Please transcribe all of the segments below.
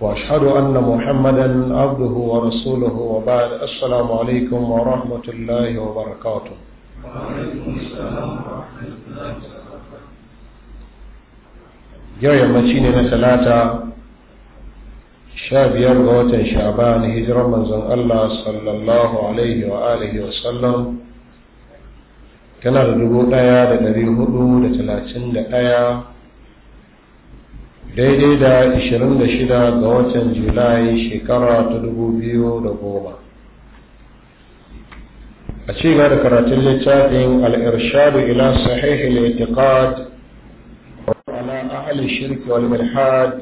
وأشهد أن محمدا عبده ورسوله وبعد السلام عليكم ورحمة الله وبركاته وعليكم السلام ورحمة الله وبركاته sha biyar ga watan sha'ban hijirar manzon Allah sallallahu alaihi wa alihi wa sallam tana da dubu ɗaya da dari hudu da talatin da ɗaya daidai da 26 ga watan julai shekara ta 2010 a ci da karatun littafin al'irshadu ila sahihi al ala ahli shirki wal milhad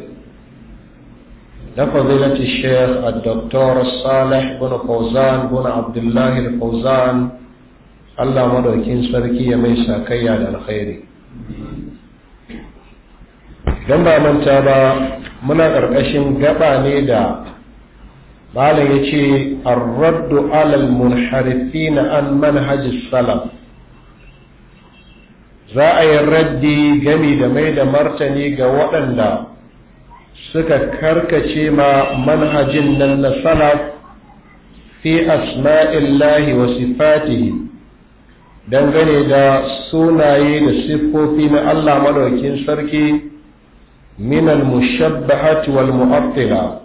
da fadilati sheikh a doktor salih bin fauzan bin abdullahi fauzan Allah madaukin sarki ya mai sakayya da alkhairi don ba manta ba muna ƙarƙashin gaba ne da malam ya ce arraddu alal munharifi na an manhaji salam za a yi raddi gami da mai da martani ga waɗanda suka karkace ma manhajin nan na salaf fi asma'illahi wa sifatihi dangane da sunaye da siffofi na Allah madaukin sarki Minal al-mushabbahati wal mu'attila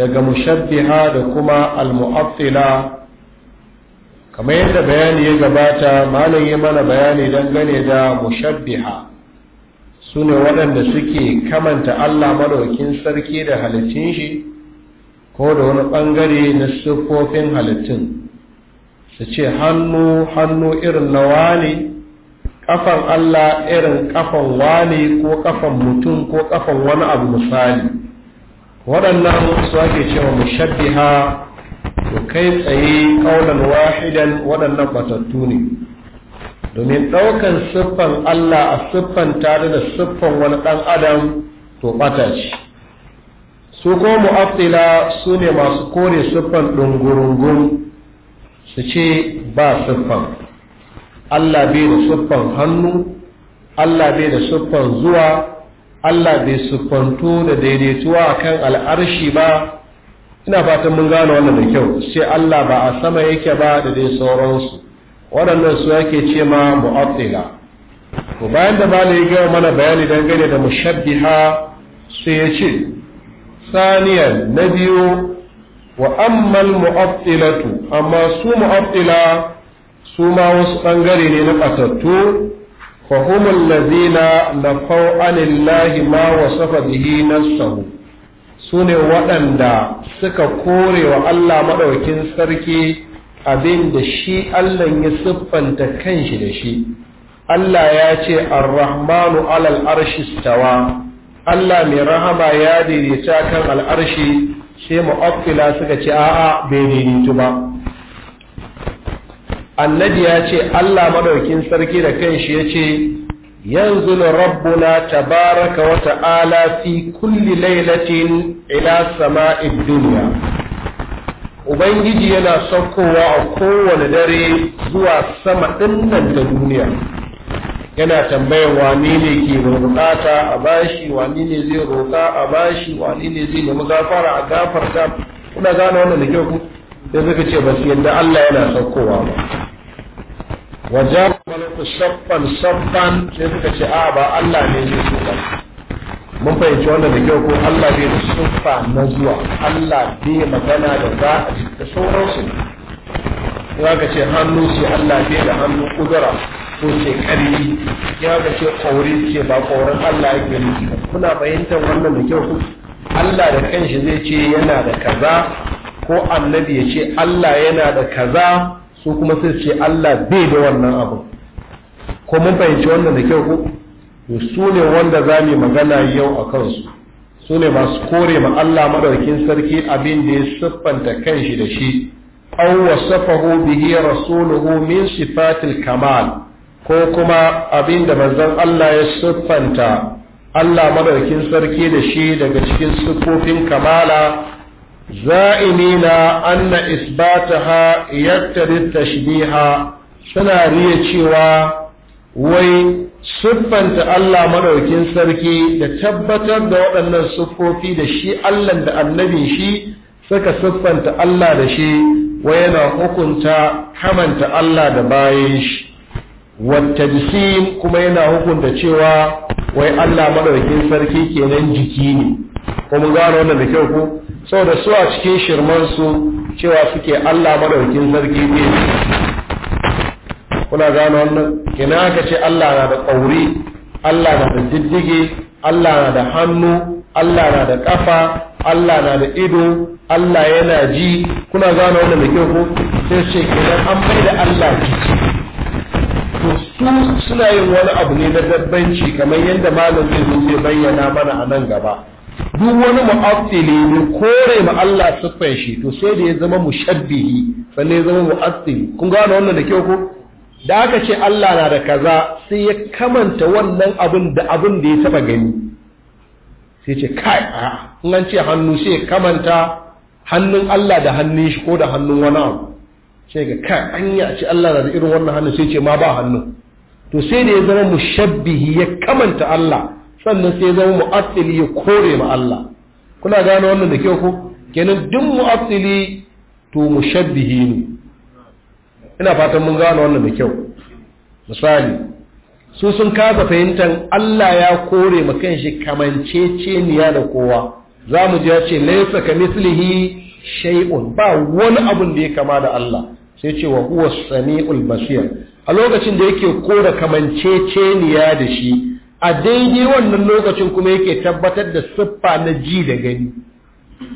daga mushabbiha da kuma al kamar yadda bayani ya gabata malam ya mana bayani dangane da mushabbiha su ne waɗanda suke kamanta Allah madaukin sarki da halittun shi ko da wani ɓangare na siffofin halittun su ce hannu hannu irin na ne? kafan Allah irin kafan wane ko kafan mutum ko kafan wani abu misali waɗannan su ake cewa mushabbiha to kai tsaye kaulan wahidan waɗannan batattu ne domin ɗaukan siffan Allah a siffan tare da siffan wani ɗan adam to ɓata ce su ko mu'attila su ne masu kore siffan ɗungurungun su ce ba siffan Allah bai da siffan hannu Allah bai da siffan zuwa Allah bai siffanto da daidaituwa a kan al'arshi ba ina fatan mun gane wannan da kyau sai Allah ba a sama yake ba da dai sauransu waɗannan su yake ce ma mu'afila. Ku bayan da malai ya gawa mana bayani dangane da mushabbiha sai ya ce saniyan na biyu wa ammal tu, amma su mu'afila su ma wasu ɓangare ne na ɓatattu فهم الذين نفوا mawa الله ما وصف به نفسه sune waɗanda suka kore wa Allah maɗaukin sarki abin da shi Allah ya siffanta kanshi da shi Allah ya ce ar-rahmanu alal arshi stawa Allah mai rahama ya daidaita kan al'arshi sai mu'affila suka ci, a'a bai daidaitu ba annabi ya ce Allah madaukin sarki da kanshi ya ce yanzu rabbuna tabaraka wa ta'ala fi kulli lailatin ila sama'id dunya ubangiji yana saukowa a kowane dare zuwa sama dinnan da duniya yana tambayar wani ne ke roƙata a bashi wani ne zai roƙa a bashi wani ne zai nemi gafara a gafarta kuna gane wannan da kyau sai suka ce ba su yadda Allah yana saukowa ba wajen malaku saffan saffan sai suka ce a ba Allah ne zai so ba mun fahimci wannan da kyau ko Allah bai da siffa na zuwa Allah bai magana da za a ji da sauransu ne ya ka ce hannu ce Allah bai da hannu kudura ko ce ƙarfi ya ka ce ƙauri ce ba ƙaurin Allah yake nufi kuna fahimtar wannan da kyau ku Allah da kanshi zai ce yana da kaza ko annabi ya ce Allah yana da kaza su kuma sai ce Allah bai da wannan abu ko mun fahimci wannan da kyau ko su ne wanda za mu magana yau a kansu su ne masu kore ma Allah madaukin sarki abin da ya siffanta kanshi da shi aw wasafahu bihi rasuluhu min sifatil kamal ko kuma abin da manzon Allah ya siffanta Allah madaukin sarki da shi daga cikin siffofin kamala za'inina anna isbataha yaktari tashbiha suna riya cewa wai siffanta Allah madaukin sarki da tabbatar da waɗannan siffofi da shi Allah da annabin shi suka siffanta Allah da shi wai yana hukunta kamanta Allah da bayan shi wattajsim kuma yana hukunta cewa wai Allah madaukin sarki kenan jiki ne kuma gano wannan da kyau ko saboda su a cikin shirmansu cewa suke Allah madaukin sarki ne kuna gano wannan kina aka ce Allah na da ƙauri Allah na da diddige Allah na da hannu Allah na da ƙafa Allah na da ido Allah yana ji kuna gano wannan da kyau ko sai ce kenan an bai da Allah jiki to su suna yin wani abu ne na dabbanci kamar yadda malam zai zai bayyana mana a nan gaba duk wani mu'attili ne kore ma Allah siffar shi to sai da ya zama mushabbihi sannan ya zama mu'attili kun gane wannan da kyau ko da aka ce Allah na da kaza sai ya kamanta wannan abin da abin da ya taba gani sai ce kai a in an ce hannu sai ya kamanta hannun Allah da hannun shi ko da hannun wani abu sai ga kai an yi a ce Allah na da irin wannan hannun sai ce ma ba hannu. to sai da ya zama mushabbihi ya kamanta Allah sannan sai zama mu'attili ya kore ma Allah kuna gano wannan da kyau ko kenan duk mu'attili to mushabbihi ne ina fatan mun gano wannan da kyau misali su sun kasa fahimtar Allah ya kore ma kanshi kamanceceniya da kowa za mu ji ya ce laisa mislihi shay'un ba wani abun da ya kama da Allah sai ce wa huwa sami'ul basir a lokacin da yake kora kamanceceniya da shi a daidai wannan lokacin kuma yake tabbatar da siffa na ji da gani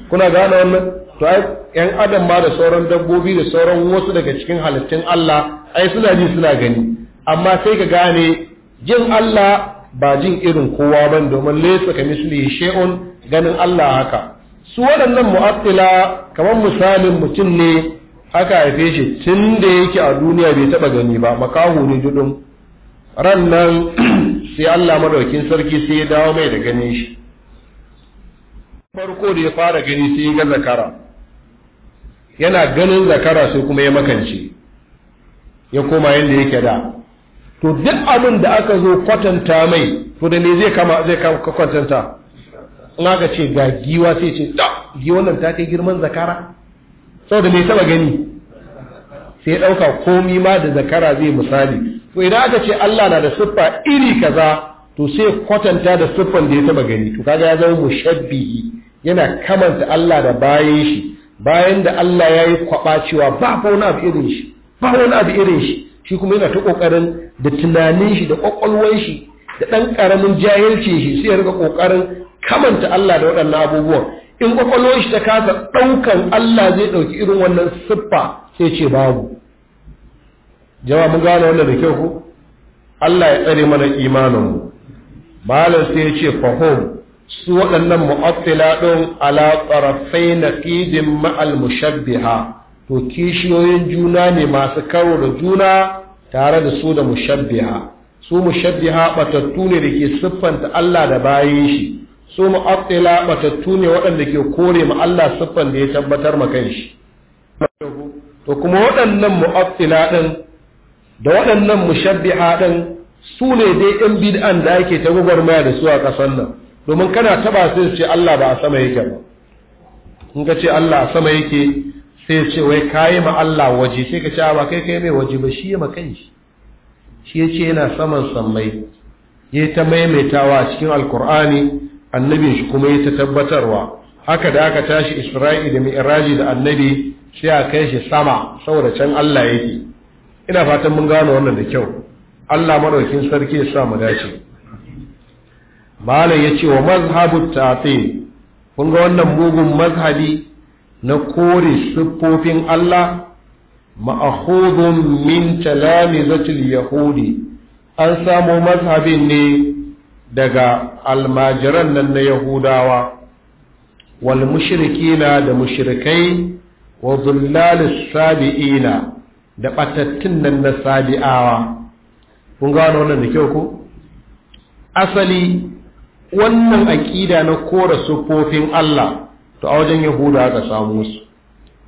kuna gane wannan to ai yan adam ma da sauran dabbobi da sauran wasu daga cikin halittun Allah ai suna ji suna gani amma sai ka gane jin Allah ba jin irin kowa ba domin laysa misli, shay'un ganin Allah haka su waɗannan mu'attila kamar misalin mutum ne aka haife shi tun da yake a duniya bai taɓa gani ba makaho ne dudun ran nan sai Allah madaukin sarki sai ya dawo mai da ganin shi farko da ya fara gani sai ya ga zakara yana ganin zakara sai kuma ya makance ya koma yadda yake da to duk abin da aka zo kwatanta mai to da me zai kama zai kama kwatanta na ga ce ga giwa sai ce da Giwa nan ta kai girman zakara saboda mai saba gani sai ya ɗauka komi ma da zakara zai misali to idan aka ce Allah na da siffa iri kaza to sai kwatanta da siffan da ya taba gani to kaga ya zama mushabbihi yana kamanta Allah da bayan shi bayan da Allah ya yi kwaba cewa ba wani abu irin shi ba wani abu irin shi shi kuma yana ta kokarin da tunanin shi da kwakwalwar shi da dan karamin jahilci shi sai ya rika kokarin kamanta Allah da waɗannan abubuwan in kwakwalwar shi ta kasa ɗaukan Allah zai ɗauki irin wannan siffa sai ce babu jama'a mun gane wannan da kyau ko Allah ya tsare mana imanin mu malam sai ya ce fahum su waɗannan mu'attila din ala tsarafai na ƙidin ma'al mushabbiha to kishiyoyin juna ne masu karo da juna tare da su da mushabbiha su mushabbiha batattu ne da ke siffanta Allah da bayan shi su mu'attila batattu ne waɗanda ke kore ma Allah siffan da ya tabbatar ma kai shi. to kuma waɗannan mu'attila din. da waɗannan mushabbiha ɗin su ne dai ɗan bid'an da ake ta gwagwarmaya da su a ƙasar nan domin kana taɓa sai ce Allah ba a sama yake ba in ka ce Allah a sama yake sai ce wai kayi ma Allah waje sai ka ce ba kai kai mai waje ba shi ya ma kanshi shi ya ce yana saman sammai ya ta maimaitawa a cikin alkur'ani annabin shi kuma ya ta tabbatarwa haka da aka tashi isra'i da mi'raji da annabi sai a kai shi sama saboda can Allah yake ina fatan mun gano wannan da kyau Allah maɗaukin sarki ya sa mu dace Malam ya ce wa mazhabu ta'til kun ga wannan bugun mazhabi na kore siffofin Allah ma'akhudun min talamizatil yahudi an samu mazhabin ne daga almajiran nan na yahudawa wal mushrikina da mushrikai wa dhullalis sabiina da ɓatattun nan na sabi'awa kun ga wannan da kyau ko asali wannan aƙida na kora sufofin Allah to a wajen Yahuda aka samu su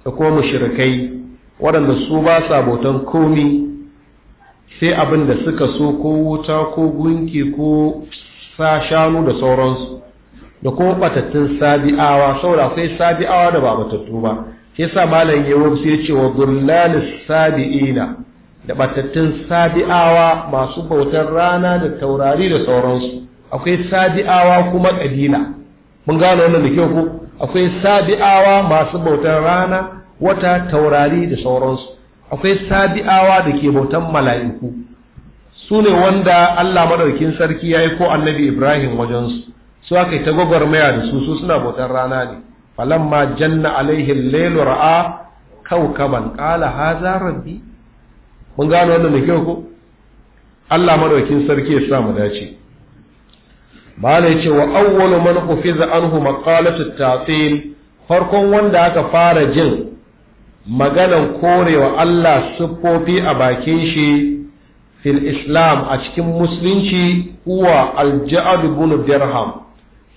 da kuma mushrikai waɗanda su ba sa bautan komi sai abinda suka so ko wuta ko gunki ko sa shanu da sauransu da kuma batattun sabi'awa saboda akwai sabi'awa da ba batattu ba yasa malam ya sai ya ce wa dullalis sabiina da batattun sabi'awa masu bautar rana da taurari da sauransu akwai sabi'awa kuma kabila mun gano wannan da kyau ko akwai sabi'awa masu bautar rana wata taurari da sauransu akwai sabi'awa da ke bautan mala'iku su ne wanda Allah madaukin sarki ya yi ko annabi Ibrahim wajensu su aka yi ta gwagwarmaya da su su suna bautan rana ne falamma janna alaihi lailu ra'a kaukaban qala haza rabbi mun gano wannan da kyau ko Allah madaukin sarki ya sa mu dace mala yace wa awwalu man ufiza anhu maqalatu ta'til farkon wanda aka fara jin maganan korewa Allah siffofi a bakin shi fil islam a cikin musulunci huwa al-ja'd ibn dirham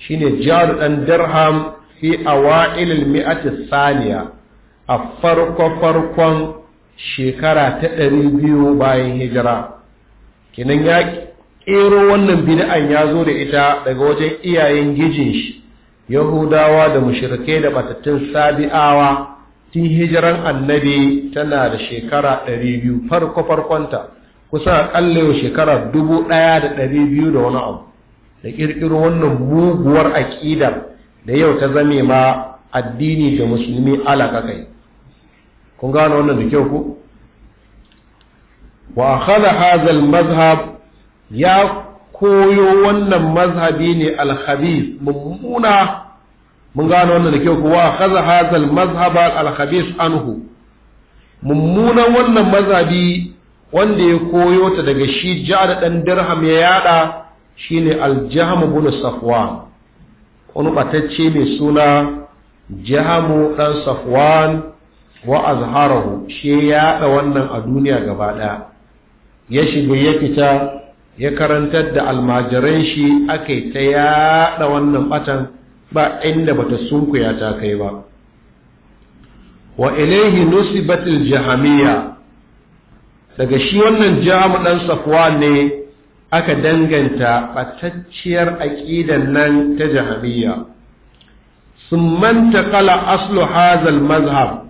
shine ja'd dan dirham fi awa'il mi'ati saniya a farko farkon shekara ta ɗari biyu bayan hijira kinan ya ƙero wannan bid'an ya zo da ita daga wajen iyayen gijin shi yahudawa da mushrikai da batattun sabi'awa tun hijiran annabi tana da shekara ɗari biyu farko farkonta kusa a yau shekara dubu ɗaya da ɗari biyu da wani abu da ƙirƙiro wannan muguwar aƙidar da yau ta zame ma addini da musulmi alaka kai kun gano wannan da kyau ku wa khala hadha al-mazhab ya koyo wannan mazhabi ne al-khabith mummuna mun gano wannan da kyau ku wa khala hadha al-mazhab al-khabith anhu mummunan wannan mazhabi wanda ya koyo ta daga shi ja'ad dan dirham ya yada shine al-jahm ibn safwan wani batacce mai suna jihamu ɗan safwan wa azharahu shi ya yaɗa wannan a duniya gaba ɗaya ya shiga ya fita ya karantar da almajiran shi aka yi ta yaɗa wannan batan ba inda bata sunkuya ta kai ba wa ilaihi nusibatul jahamiya daga shi wannan jihamu ɗan safwan ne aka danganta ɓatacciyar aƙidan nan ta jahamiyya sun manta kala aslu hazal mazhab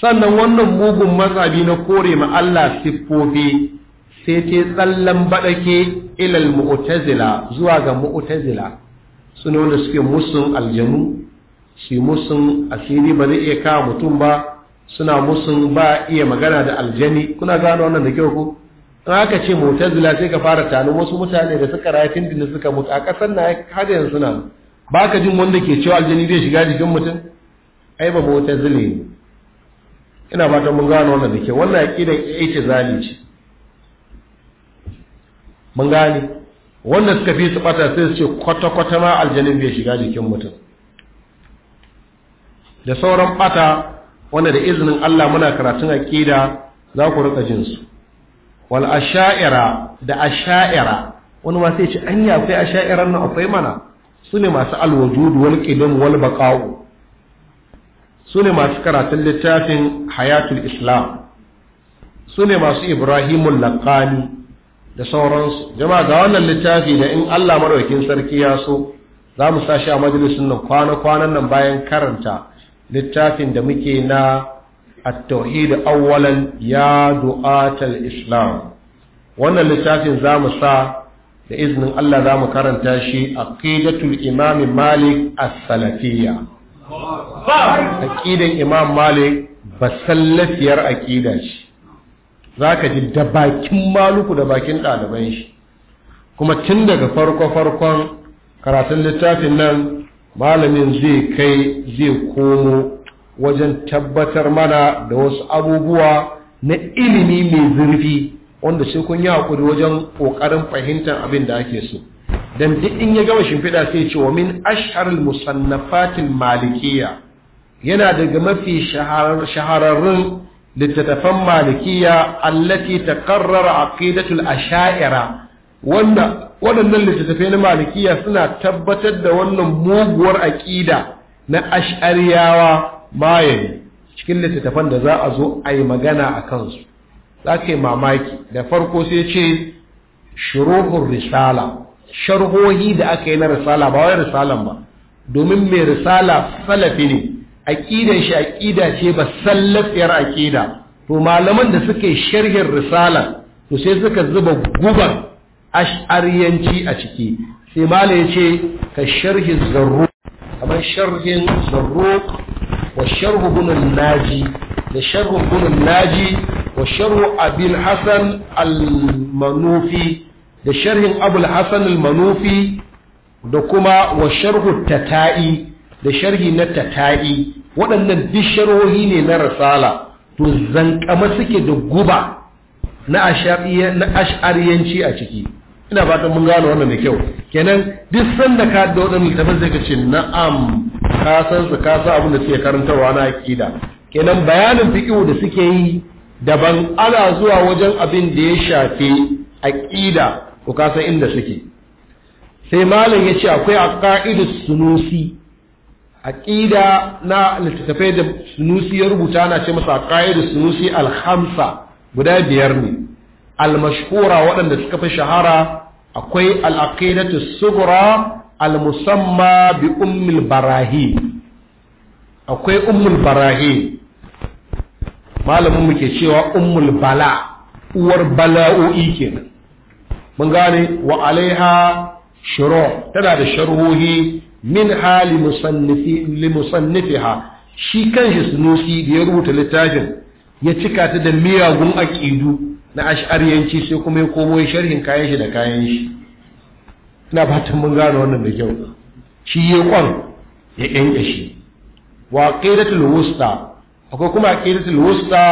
sannan wannan mugun mazhabi na kore ma Allah siffofi sai ta tsallan baɗake ilal mu'tazila zuwa ga mu'tazila suna wanda suke musun aljanu su musun asiri ba zai iya kawo mutum ba suna musun ba iya magana da aljani kuna gano wannan da kyau ku in aka ce mutazila sai ka fara tanin wasu mutane da suka rayu tun da suka mutu a ƙasar na har yanzu suna ba ka jin wanda ke cewa aljini zai shiga jikin mutum ai ba mutazila ne ina ta mun gane wannan da ke wannan aƙidan ita zali ce mun gane wanda suka fi su ɓata sai su ce kwata-kwata ma aljanin bai shiga jikin mutum da sauran ɓata, wanda da izinin Allah muna karatun aƙida za ku rika jinsu wal asha'ira da asha'ira wani ma sai ce anya akwai asha'iran nan akwai mana su ne masu alwujud wal qidam wal baqa'u su ne masu karatun littafin hayatul islam su ne masu ibrahimul laqani da sauransu jama'a ga wannan littafi da in Allah madaukakin sarki ya so za mu sashi a majalisun nan kwana-kwanan nan bayan karanta littafin da muke na التوحيد Auwalan يا دعاه الاسلام wannan litafin zamu sa da iznin Allah zamu karanta shi aqidatul imam malik as-salafiyya aqidan imam malik basallafiyar aqida shi zaka ji da bakin maluku da bakin dalibai shi kuma tun daga farko farkon karatun littafin nan malamin zai kai zai komo wajen tabbatar mana da wasu abubuwa na ilimi mai zurfi wanda sai kun yi hakuri wajen kokarin fahimtar abin da ake so dan duk in ya gama shimfiɗa sai ce wa min ashharul musannafatin malikiyya yana daga mafi shahararrun littattafan malikiya allati taqarrara aqidatul asha'ira wanda waɗannan littattafai na malikiya suna tabbatar da wannan muguwar aqida na ash'ariyawa maye cikin littattafan da za a zo a yi magana a kansu za ka yi mamaki da farko sai ce shiruhun risala sharhohi da aka yi na risala ba wai risalan ba domin mai risala salafi ne aƙidan shi aƙida ce ba sallafiyar aƙida to malaman da suke yi sharhin risala to sai suka zuba guban ash'ariyanci a ciki sai mala ya ce ka sharhin zarro kamar sharhin zarro wa sharhu ibn naji da sharhu ibn naji wa sharhu abul hasan da sharhin abul hasan da kuma wa tata'i da sharhi na tata'i waɗannan duk sharhohi ne na risala to zankama suke da guba na ash'ariyanci a ciki ina fatan mun gano wannan da kyau kenan duk sanda ka da wadannan littafin zai ka na'am ka san su ka sa abin da suke karantarwa na aqida kenan bayanin fiqh da suke yi daban ana zuwa wajen abin da ya shafi aqida ko ka san inda suke sai malam ya ce akwai aqaidu sunusi aqida na littafai da sunusi ya rubuta ana ce masa aqaidu sunusi al-khamsa guda biyar ne Almashura waɗanda suka fi shahara akwai al-aqidatu sughra bi ummul barahi akwai ummul barahi malamin mu ke cewa ummul bala uwar bala'o'i kenan mun gane wa alaiha shuru tana da sharhohi min hali musannifi li shi kanshi sunusi da ya rubuta littafin ya cika ta da miyagun aƙidu. na ash'ariyanci sai kuma ya komo ya sharhin kayan shi da kayan shi ina fatan mun gane wannan da kyau shi ya kwan ya kyankashi wa qidatul wusta akwai kuma aqidatul wusta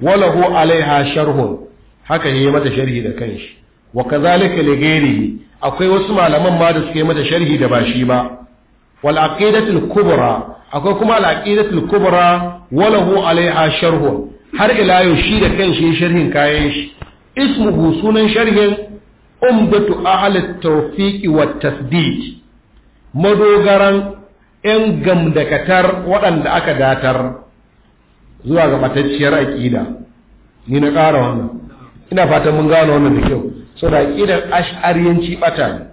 walahu alaiha sharhun haka ne mata sharhi da kanshi wa kazalika li ghairihi akwai wasu malaman ma da suke mata sharhi da ba shi ba wal aqidatul kubra akwai kuma al aqidatul kubra walahu alaiha sharhun har ila yau shi da kanshi sharhin kayan shi ismuhu sunan sharhin umdatu ahli tawfiqi wat tasdid madogaran ‘yan gamdakatar waɗanda aka datar zuwa ga matacciyar aƙida ni na ƙara wannan ina fatan mun gano wannan da kyau so aƙidar ash'ariyanci ɓata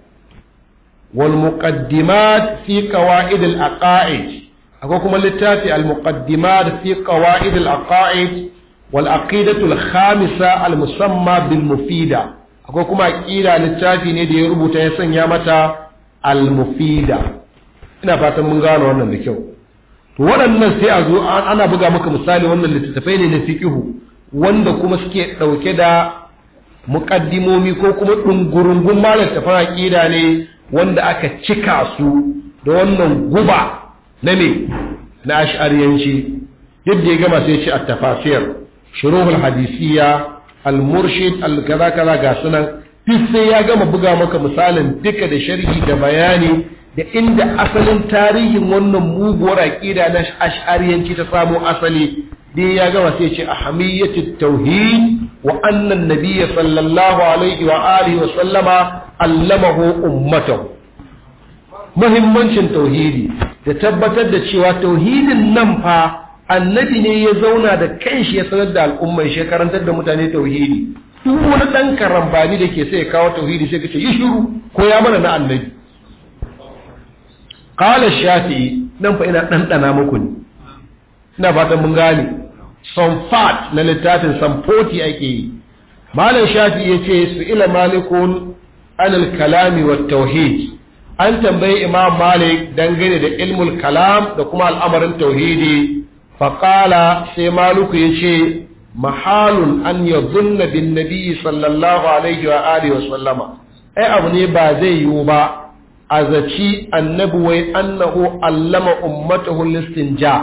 wal muqaddimat fi qawaid al aqaid akwai kuma littafi al-muqaddimat fi qawaid al-aqaid wal aqidatu al-khamisa al-musamma bil mufida akwai kuma aqida littafi ne da ya rubuta ya sanya mata al-mufida ina fatan mun gano wannan da kyau to waɗannan sai a zo ana buga maka misali wannan littattafai ne na fiqihu wanda kuma suke ɗauke da muƙaddimomi ko kuma ɗungurungun malar tafara ƙida ne wanda aka cika su da wannan guba na ne na ash'ariyanci yadda ya gama sai ce at-tafasir shuruhul hadisiya al-murshid al-kaza kaza ga sunan duk sai ya gama buga maka misalin duka da sharhi da bayani da inda asalin tarihin wannan muguwar aqida na ash'ariyanci ta samo asali dai ya gama sai ce ahamiyyatut tauhid wa anna an-nabiy sallallahu alaihi wa alihi wa sallama allamahu ummatahu muhimmancin tauhidi da tabbatar da cewa tauhidin nan fa annabi ne ya zauna da kanshi ya sanar da al'umman shi karantar da mutane tauhidi duk wani dan karambani da ke sai ya kawo tauhidi sai kace yi shiru ko ya mana na annabi qala Shafi nan fa ina dana muku ne ina fatan mun gane some fat na littafin some 40 ake yi malam shafi' yace su ila malikun anil kalami wat tauhid an tambayi imam malik dangane da ilmul kalam da kuma al'amarin tauhidi faƙala sai maluku ya ce mahalun an ya zunna bin nabi sallallahu alaihi wa alihi wa ai abu ne ba zai yiwu ba a zaci annabi wai annahu allama ummatahu listinja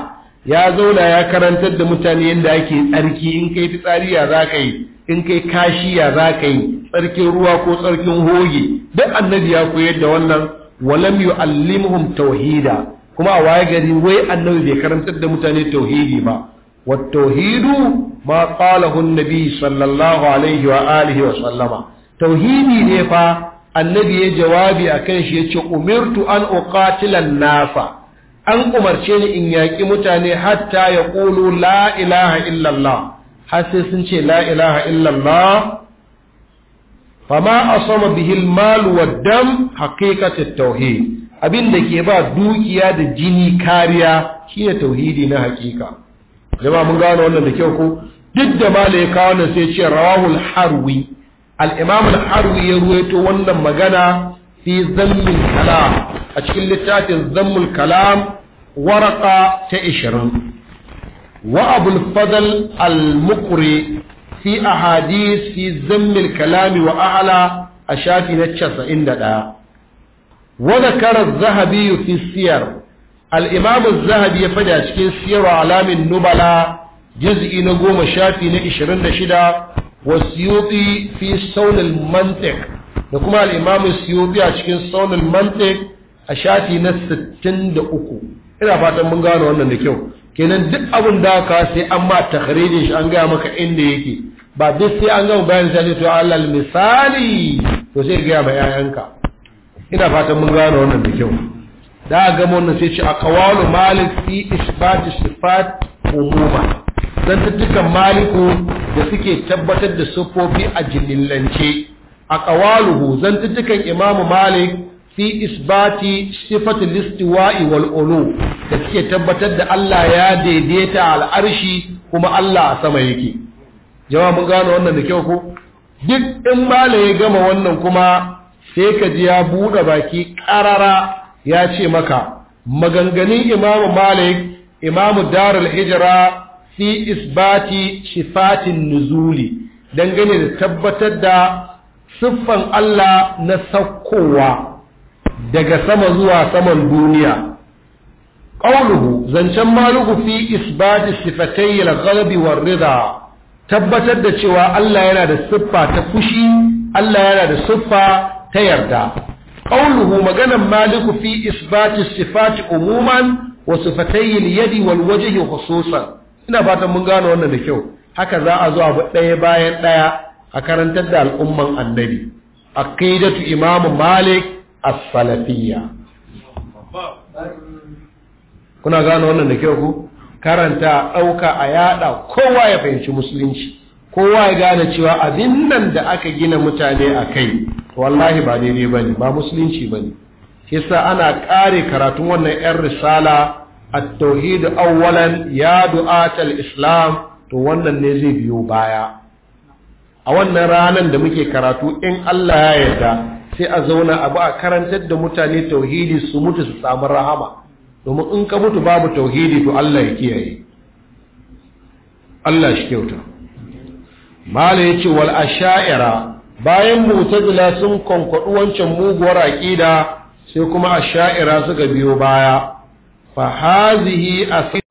ya zauna ya karantar da mutane yadda ake tsarki in kai fitsari ya za ka yi in kai kashi ya za ka yi tsarkin ruwa ko tsarkin hoge duk annabi ya koyar da wannan walam yu'allimhum tauhida kuma a waye gari wai annabi bai karantar da mutane tauhidi ba wa tauhidu ma qalahu annabi sallallahu alaihi wa alihi wa sallama tauhidi ne fa annabi ya jawabi akan shi yace umirtu an uqatila nasa an umarce ni in yaƙi mutane hatta yaqulu la ilaha illallah har sai sun ce la ilaha illallah fama asama bihil mal wa dam haqiqatu tauhid abin da ke ba dukiya da jini kariya shine tauhidi na haƙiƙa. jama'a mun gano wannan da kyau ko duk da mala ya kawo nan sai ce rawahul harwi al harwi ya ruwaito wannan magana fi zammil kalam a cikin littafin zammul kalam waraka ta 20 wa abul fadl al-muqri fi ahadith fi zammil kalami wa a'la a shafi na 91 wa zakara az-zahabi fi siyar al-imam az-zahabi cikin siyar alamin nubala juz'i na goma shafi na 26 wa siyuti fi sawl al da kuma Al'imamin imam siyuti a cikin sawl al a shafi na 63 ina fatan mun gano wannan da kyau kenan duk abin da ka sai an ba takhrijin shi an ga maka inda yake ba duk sai an gama bayan sai to alal misali to sai ga ba yayanka ina fatan mun gano wannan da kyau da ga wannan sai a aqwalu malik fi isbat sifat umuma dan dukkan maliku da suke tabbatar da sufofi a a aqwaluhu zan dukkan imamu malik fi isbati sifatul listiwa'i wal ulu da suke tabbatar da Allah ya daidaita al'arshi kuma Allah a sama yake jama'a mun gano wannan da kyau ko duk in mala ya gama wannan kuma sai ka ji ya buɗe baki ƙarara ya ce maka Maganganin imamu malik imamu darul hijra fi isbati shifatin nuzuli dangane da tabbatar da siffan Allah na sakkowa daga sama zuwa saman duniya ƙauluhu zancen maluku fi isbati sifatai al war rida tabbatar da cewa Allah yana da siffa ta fushi Allah yana da siffa ta yarda ƙauluhu maganan maliku fi isbati sifati umuman wa sifatai yadi wal wajhi khususan ina fatan mun gane wannan da kyau haka za a zo abu ɗaya bayan ɗaya a karantar da al'umman annabi aqidatu imamu malik as-salafiyya kuna gano wannan da kyau ku karanta ɗauka a yada kowa ya fahimci musulunci kowa ya gane cewa abin nan da aka gina mutane a kai wallahi ba daidai ba ne ba musulunci ba ne yasa ana ƙare karatun wannan 'yan risala a tauhidu awwalan ya du'atar islam to wannan ne zai biyo baya a wannan ranar da muke karatu in allah ya yarda sai a zauna abu a karantar da mutane tauhidi su mutu su samu rahama domin in ka mutu babu tauhidi to Allah ya kiyaye Allah shi kyauta mala yace wal asha'ira bayan mu'tazila sun kwankwaɗu wancan muguwar aqida sai kuma asha'ira suka biyo baya fa hazihi asir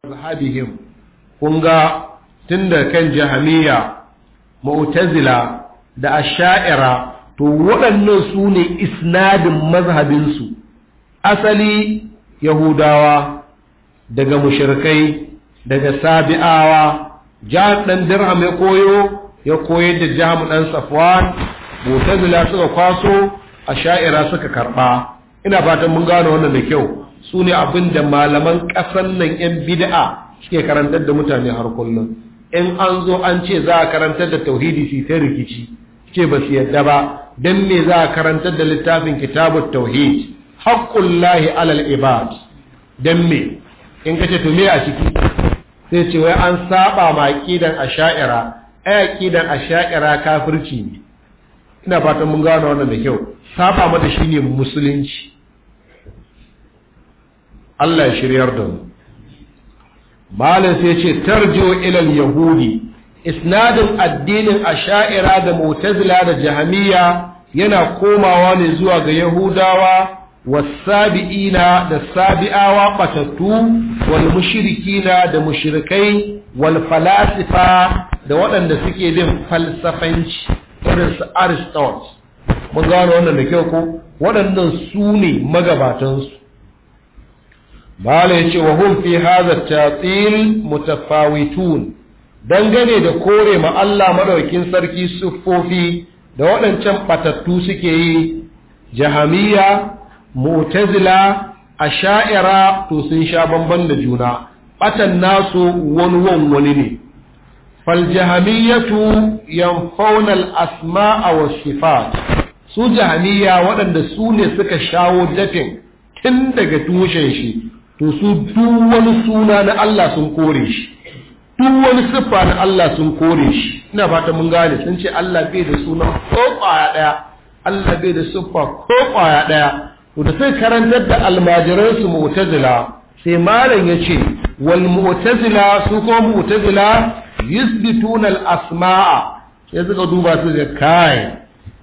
kun ga tunda kan jahamiya mu'tazila da asha'ira to waɗannan su ne isnadin mazhabinsu asali yahudawa daga mushirkai daga sabi'awa jihar ɗan dirham ya koyo ya koyar da jihar ɗan safwan mutazila suka kwaso a sha'ira suka karɓa ina fatan mun gano wannan da kyau su ne abin da malaman ƙasan nan 'yan bida'a suke karantar da mutane har kullum in an zo an ce za a karantar da tauhidi su ta rikici ce ba su yadda ba don me za a karantar da littafin kitabun tauhid lahi alal ibad don me in ka ce to a ciki sai ce wai an saba ma aqidan asha'ira ai a sha'ira kafirci ne ina fatan mun gano wannan da kyau saba mata shi ne musulunci Allah ya shiryar da mu malam sai ce tarjo ilal yahudi isnadin addinin asha'ira da mu'tazila da jahamiya yana komawa ne zuwa ga yahudawa wasabi'ina da sabi'awa batattu wal mushirikina da mushirikai wal falasifa da waɗanda suke bin falsafanci irin su aristotle mun gano wannan da kyau ko waɗannan su ne magabatansu bala ya ce wa hum fi hadha tatil mutafawitun dangane da kore ma Allah madaukin sarki siffofi da waɗancan batattu suke yi jahamiya mu'tazila asha'ira to sun sha bamban da juna batan nasu wani wani ne fal jahamiyatu yanfauna al asma'a was sifat su jahamiya waɗanda su ne suka shawo dafin tun daga tushen shi to su duk wani suna na Allah sun kore shi duk wani siffa na Allah sun kore shi ina fata mun gane sun ce Allah bai da sunan ko kwaya daya Allah bai da siffa ko kwaya daya to da sai karantar da almajiran su mu'tazila sai malam yace wal mu'tazila su ko mu'tazila yusbituna al asma'a sai suka duba su ga kai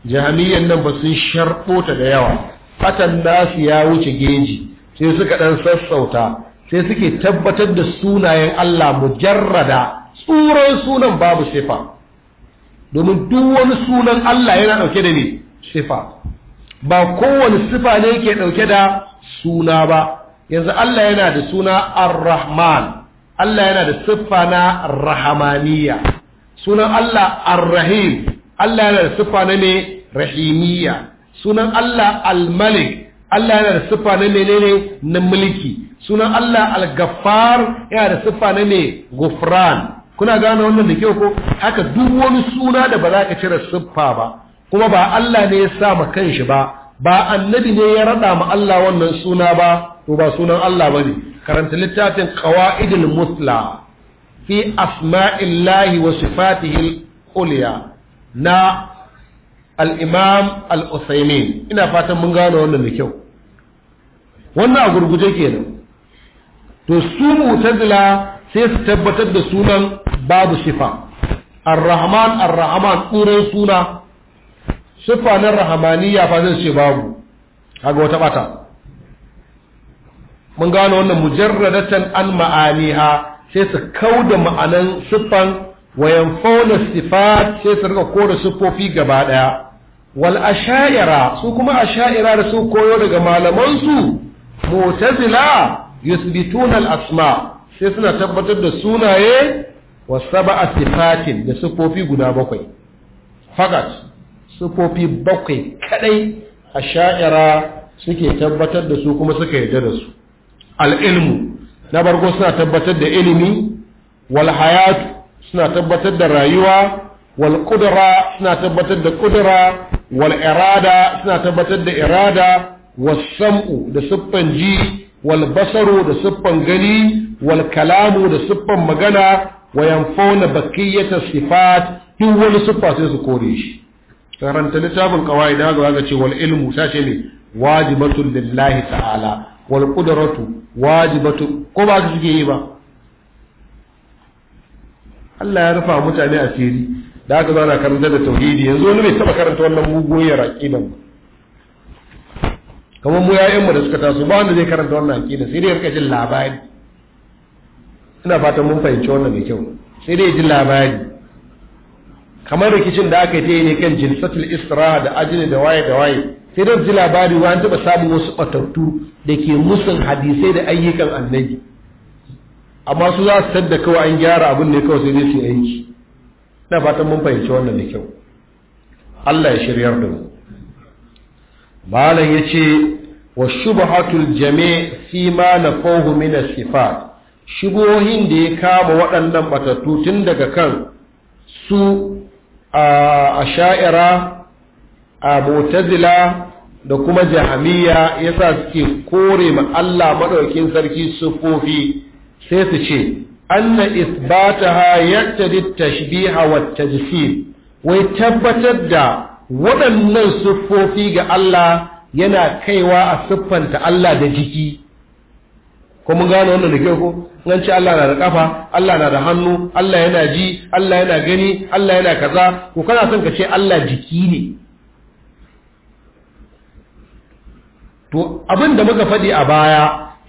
jami'an nan ba sun sharbo ta da yawa fatan nasu ya wuce geji sai suka dan sassauta sai suke tabbatar da sunayen Allah mujarrada tsuron sunan babu sifa domin duk wani sunan Allah yana dauke da ne sifa ba kowane sifa ne yake dauke da suna ba yanzu Allah yana da suna Ar-Rahman Allah yana da siffa na sunan Allah Ar-Rahim Allah yana da siffa na ne Rahimiyya sunan Allah Al-Malik Allah yana da siffa na menene na mulki sunan Allah al-gaffar yana da siffa na ne gufran kuna gane wannan da kyau ko haka duk wani suna da ba za ka cire siffa ba kuma ba Allah ne ya sa ma kanshi ba ba annabi ne ya rada ma Allah wannan suna ba to ba sunan Allah ne. karanta littafin qawaidul musla fi asma'illahi wa sifatihi uliya na al-imam al-usaymin ina fatan mun gane wannan da kyau wannan a gurguje kenan to su mu'tazila sai su tabbatar da sunan babu sifa ar-rahman ar suna sifa na rahmaniya fa zai ce babu kaga wata bata mun gano wannan mujarradatan an ma'aniha sai su kauda ma'anan siffan wayan fauna sifat sai su rika kore siffofi gaba daya wal asha'ira su kuma asha'ira da su koyo daga malaman su mu'tazila yusbituna al-asma sai suna tabbatar da sunaye wa sab'a sifatin da sifofi guda bakwai fakat sifofi bakwai kadai sha'ira suke tabbatar da su kuma suka yarda da su al-ilmu na barko suna tabbatar da ilimi wal hayatu suna tabbatar da rayuwa wal qudra suna tabbatar da qudra wal irada suna tabbatar da irada wasam'u da siffan ji wal basaru da siffan gani walkalamu da siffan magana wa yanfauna bakiyata sifat duk wani siffa sai su kore shi karanta littafin kawai da ga ce wal ilmu ta ce ne wajibatun lillahi ta'ala wal qudratu wajibatun ko ba su suke yi ba Allah ya rufa mutane asiri da aka zauna karanta da tauhidi yanzu wani bai taba karanta wannan mugoyar aqidan ba kamar mu mu da suka taso ba wanda zai karanta wannan aqida sai dai ya kace labari ina fatan mun fahimci wannan da kyau sai dai ya ji labari kamar rikicin da aka yi ne kan jinsatul isra da ajini da waye da waye sai dai ji labari wa an taba samun wasu batattu da ke musun hadisai da ayyukan annabi amma su za su tadda kawai an gyara abin ne kawai sai dai su aiki ina fatan mun fahimci wannan da kyau Allah ya shiryar da mu malam ya ce, wa shubhatul jami' fi ma nafahu min as-sifat shubohin da ya kama waɗannan batattu tun daga kan su a sha'ira a mu'tazila da kuma jahamiya yasa suke kore ma Allah maɗaukin sarki sufofi sai su ce anna isbataha yaqtadi at-tashbih wa at-tajsim wai tabbatar da waɗannan siffofi ga Allah yana kaiwa a siffanta Allah da jiki ko mun gano wannan da ke ko nan ce Allah na da kafa Allah na da hannu Allah yana ji Allah yana gani Allah yana kaza ko kana son ka ce Allah jiki ne to abin da muka faɗi a baya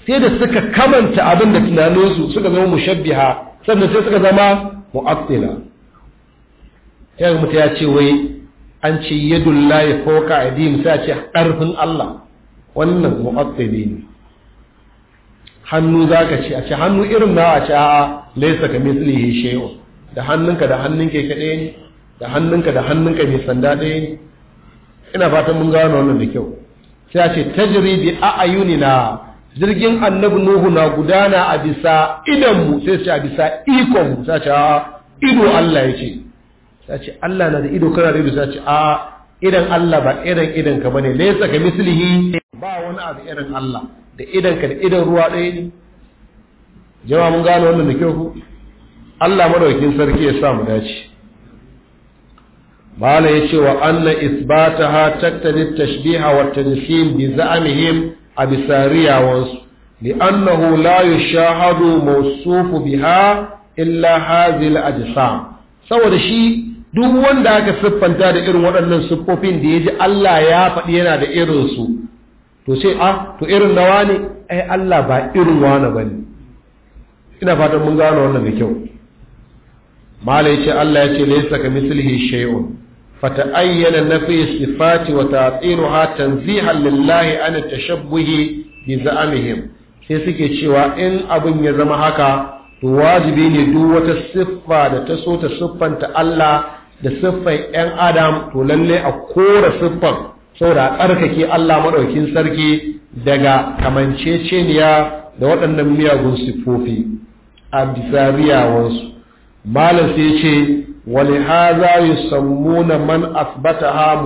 sai da suka kamanta abin da tunaninsu suka zama mushabbiha sannan sai suka zama mu'attila yanzu mutum ya ce wai an ce yadun layi ka adin sai a ce ƙarfin Allah wannan mu'attali ne hannu za ka ce a ce hannu irin na a ce a laisa ka yi shay'un da hannunka da hannun ke kaɗe ne da hannunka da hannunka mai sanda ɗaya ne ina fatan mun gano wannan da kyau sai a ce tajiri bi na jirgin annabi nuhu na gudana a bisa idanmu sai ce a bisa ikonmu sai a ce ido Allah ya ce sai ce Allah na da ido kana da ido sai ce a idan Allah ba irin idan ka bane laysa ka mislihi ba wani abu irin Allah da idan ka da idan ruwa ɗaya ne jama'a mun gano wannan da kyau ku Allah madaukin sarki ya sa mu dace mala ya ce wa anna isbataha taktadi tashbiha wa tanfim bi za'amihim a bisa riyawansu li'annahu la yushahadu mawsufu biha illa hadhihi al-ajsam saboda shi duk wanda aka siffanta da irin waɗannan siffofin da ya ji Allah ya faɗi yana da irinsu to sai a ah, to irin nawa ne ai Allah ba irin wani ba ne ina fatan mun gano wannan da kyau mala ya ce Allah ya ce laisa ka mislihi shay'un fata'ayyana nafi sifati wa ha tanzihan lillahi an tashabbuhi bi za'amihim sai suke cewa in abin ya zama haka to wajibi ne duk wata siffa da ta so ta siffanta Allah da siffan ‘yan adam to lalle a kora siffan saboda a tsarkake Allah maɗaukin sarki daga kamanceceniya da waɗannan miyagun siffofi a bisa riyawansu malam sai ce wani ha za yi sammuna man asbata ha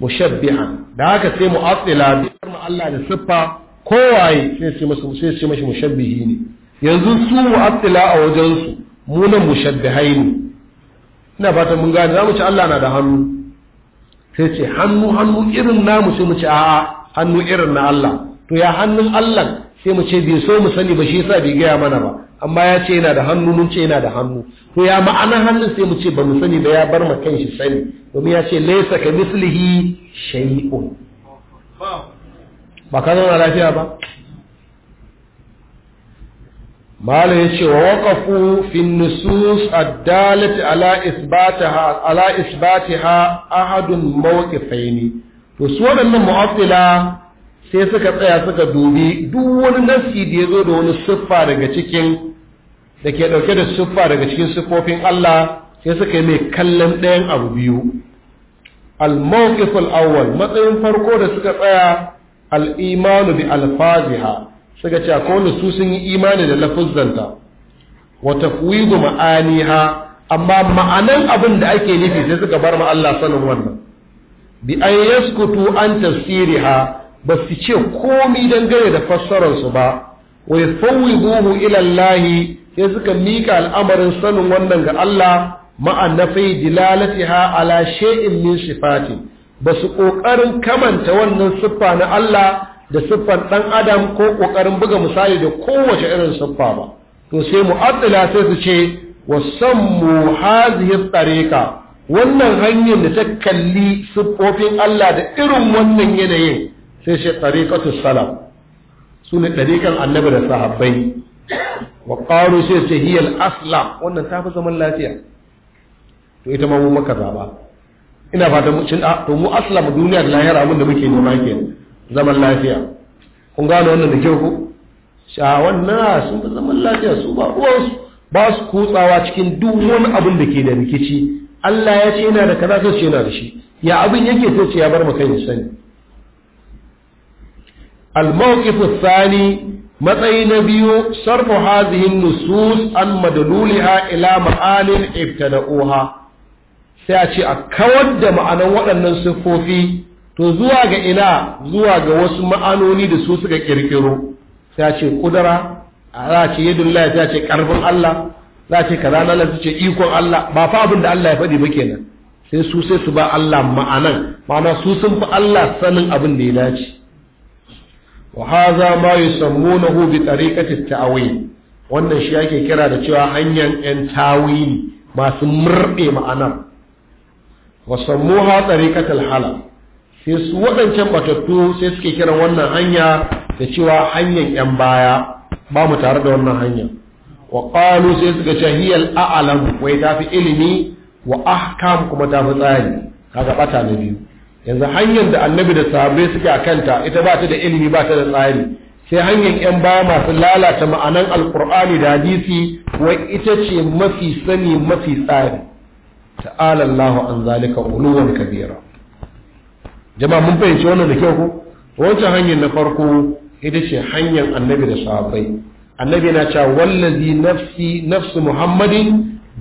mushabbihan da haka sai mu mu'asila biyar ma Allah da siffa kowaye sai ce mashi ne yanzu su asila a wajensu munan mushabbihai ne ina fata mun gane za mu ci Allah na da hannu sai ce hannu hannu irin namu sai mu ce a'a hannu irin na Allah to ya hannun Allah sai mu ce bai so mu sani ba shi yasa bai gaya mana ba amma ya ce yana da hannu mun ce yana da hannu to ya ma'ana hannun sai mu ce ba mu sani ba ya bar ma kanshi sani domin ya ce laysa ka mislihi shay'un ba ka zauna lafiya ba mala ya ce wa waƙafu fin nusus addalati ala isbati ha isbatiha ahadun mawqifaini to su waɗannan mu'attila sai suka tsaya suka dubi duk wani nassi da yazo da wani siffa daga cikin da ke ɗauke da siffa daga cikin siffofin Allah sai suka yi mai kallon ɗayan abu biyu al-mawqif al-awwal matsayin farko da suka tsaya al-imanu bi alfaziha suka ce su sun yi imani da lafuzzanta wa ma'ani ha amma ma'anan abin da ake nufi sai suka bar ma Allah sanin wannan bi an yaskutu an tafsiriha ba su ce komi dangane da fassararsu ba wai fawwiduhu ila Allah sai suka mika al'amarin sanin wannan ga Allah ma'a dilalati ha ala shein min sifati ba su ƙoƙarin kamanta wannan siffa na Allah da siffar ɗan adam ko ƙoƙarin buga misali da kowace irin siffa ba to sai mu'addila sai su ce mu hazihi tsareka wannan hanyar da ta kalli siffofin Allah da irin wannan yanayin sai shi tsarekatus salam su ne ɗarikan annabi da sahabbai wa ƙaru sai ce hiyar aslam wannan ta fi zaman lafiya to ita ma mu maka zaba ina fatan mu cin to mu aslam duniya da lahira mun da muke nema kenan zaman lafiya kun gano wannan da kyau ku shawan na sun fi zaman lafiya su ba ruwansu ba su kutsawa cikin duk wani abin da ke da rikici Allah ya ce yana da kaza sai ce yana da shi ya abin yake sai ce ya bar maka yin sani al-mawqif ath-thani matsayi na biyu sarfu hadhihi an-nusus an madluliha ila ma'anin ibtada'uha sai a ce a kawar da ma'anan waɗannan siffofi to zuwa ga ina zuwa ga wasu ma'anoni da su suka kirkiro sai ce kudara a za ce yadin Allah ya ce karfin Allah za ce ka na Allah ce ikon Allah ba fa abin da Allah ya faɗi ba kenan sai su sai su ba Allah ma'anan ma'ana su sun fi Allah sanin abin da ya dace wa hadha ma yusammunahu bi tariqati tawil wannan shi ake kira da cewa hanyar yan tawili masu murɗe ma'anar wa sammuha tariqatul halal sai su waɗancan batattu sai suke kiran wannan hanya da cewa hanyar yan baya ba mu tare da wannan hanya wa qalu sai suka ce hiyal a'lam wai fi ilimi wa ahkam kuma ta fi tsari kaga bata na biyu yanzu hanyar da annabi da sahabbai suke kanta ita ba ta da ilimi ba ta da tsari sai hanyar yan baya masu lalata ma'anan alqur'ani da hadisi wai ita ce mafi sani mafi tsari ta'alallahu Allahu an zalika uluwan kabira jama'a mun fahimci wannan da kyau ko wancan hanyar na farko ita ce hanyar annabi da sahabbai annabi na cewa wallazi nafsi nafsu muhammadin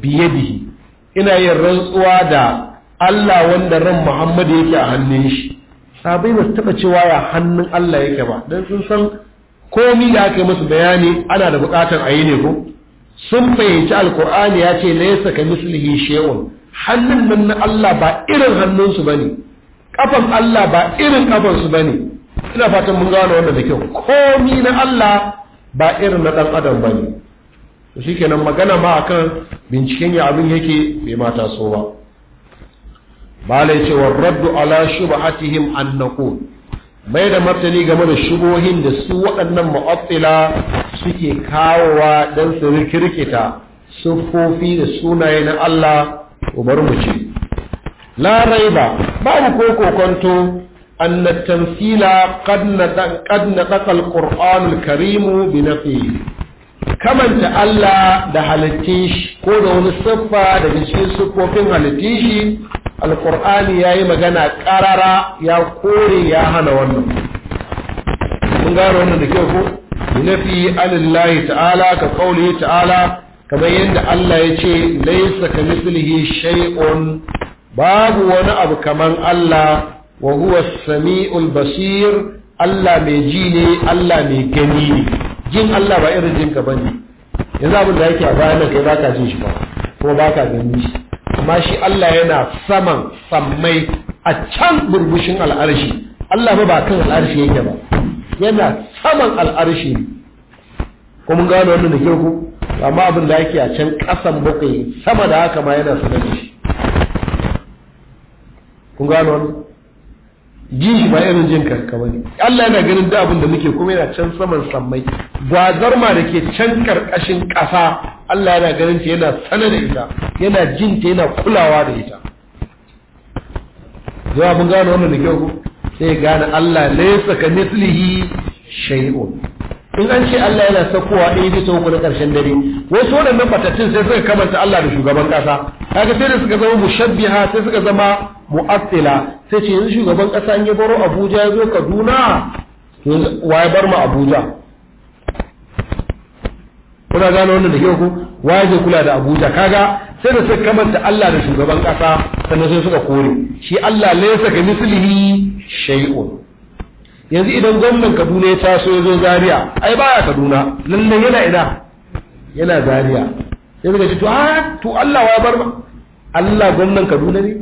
biyadihi ina yin rantsuwa da Allah wanda ran Muhammad yake a hannun shi sabai ba su taba cewa ya hannun Allah yake ba dan sun san komi da aka yi musu bayani ana da bukatar a yi ne ko sun fahimci alkur'ani ya ce laysa ka mislihi shay'un hannun nan na Allah ba irin hannunsu bane kafan Allah ba irin kafan su bane ina fatan mun gano wannan da kyau komi na Allah ba irin na dan adam bane to shikenan magana ma akan binciken ya abin yake bai mata so ba malai ce wa raddu ala shubhatihim an naqul mai da martani game da shubohin da su waɗannan mu'attila suke kawowa dan su rikirkita siffofi da sunaye na Allah ubar mu ce larai ba babu ko kokonto an tamthila qad qad naqal qur'an al-karim bi Allah da halittishi ko da wani siffa da shi sukofin shi al-qur'ani yayi magana ƙarara ya kore ya hana wannan mun ga wannan da kyau ko nafi alillah ta'ala ka qawli ta'ala kamar yadda Allah ya ce laysa kamithlihi shay'un babu wani abu kaman Allah wa huwa sami'ul basir Allah mai ji ne Allah mai gani ne jin Allah ba irin jinka bane yanzu abin da yake a bayan kai baka jin shi ba ko baka gani shi amma shi Allah yana saman sammai a can burbushin al'arshi Allah ba ba kan al'arshi yake ba yana saman al'arshi ne ko mun gano wannan da kyau ko amma abin da yake a can kasan bakwai sama da haka ma yana sanar da shi kun gano wannan ji shi ba irin jin karka ne Allah yana ganin da abin da muke kuma yana can saman sammai gwazar ma da ke can karkashin ƙasa Allah yana ganin ta yana sanar da ita yana jin ta yana kulawa da ita zuwa mun gano wannan da kyau sai gane Allah laysa ka mislihi shay'un in an ce Allah yana sakowa ɗaya bisa uku na ƙarshen dare wasu waɗannan batattun sai suka kamanta Allah da shugaban ƙasa kaga sai da suka zama mushabbiha sai suka zama mu'attila sai ce yanzu shugaban ƙasa in ya baro Abuja ya zo Kaduna wa ya bar mu Abuja kuna gano wannan da kyau ko wa ya je kula da Abuja kaga sai da suka kamanta Allah da shugaban ƙasa sannan sai suka kore shi Allah laysa ka mislihi shay'un yanzu idan gwamnan kaduna ya taso ya zo Zariya, ai ba ya kaduna lallai yana ina yana Zariya. sai daga shi to a ah, to Allah wa bar Allah gwamnan kaduna ne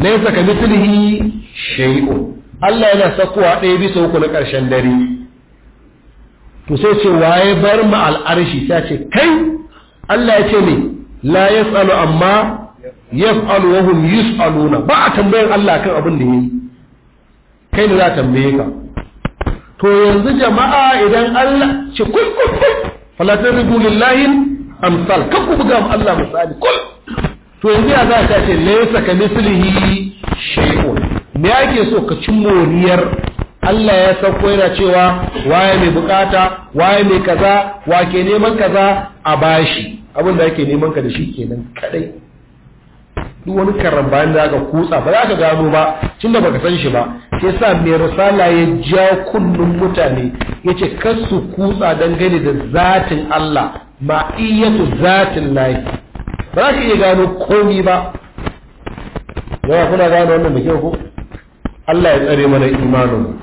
Na laisa ka mithlihi shay'un Allah yana sakowa ɗaya bisa uku na ƙarshen dare to sai ce waye bar ma al'arshi Ta ce kai Allah ya ce ne la tsalo amma ya wa hum yus'aluna ba a tambayin Allah kan abin da ya yi. kai ne za a tambaye ka to yanzu jama'a idan Allah ci kul kul kul fala tadribu lillahi amsal buga mu Allah misali kul to yanzu ya za ce laysa ka mislihi shay'un me yake so ka cin moriyar Allah ya sauko yana cewa waye mai bukata waye mai kaza wa ke neman kaza a bashi abin da ake neman ka da shi kenan kadai duk wani bayan da aka kutsa ba za ka gano ba tun da baka san shi ba sai sa mai risala ya ja kullum mutane ya ce kar su kutsa dangane da zatin Allah ma'iyatu zatin lahi ba za ka iya gano komi ba yawa kuna gano wannan da kyau ko Allah ya tsare mana imanin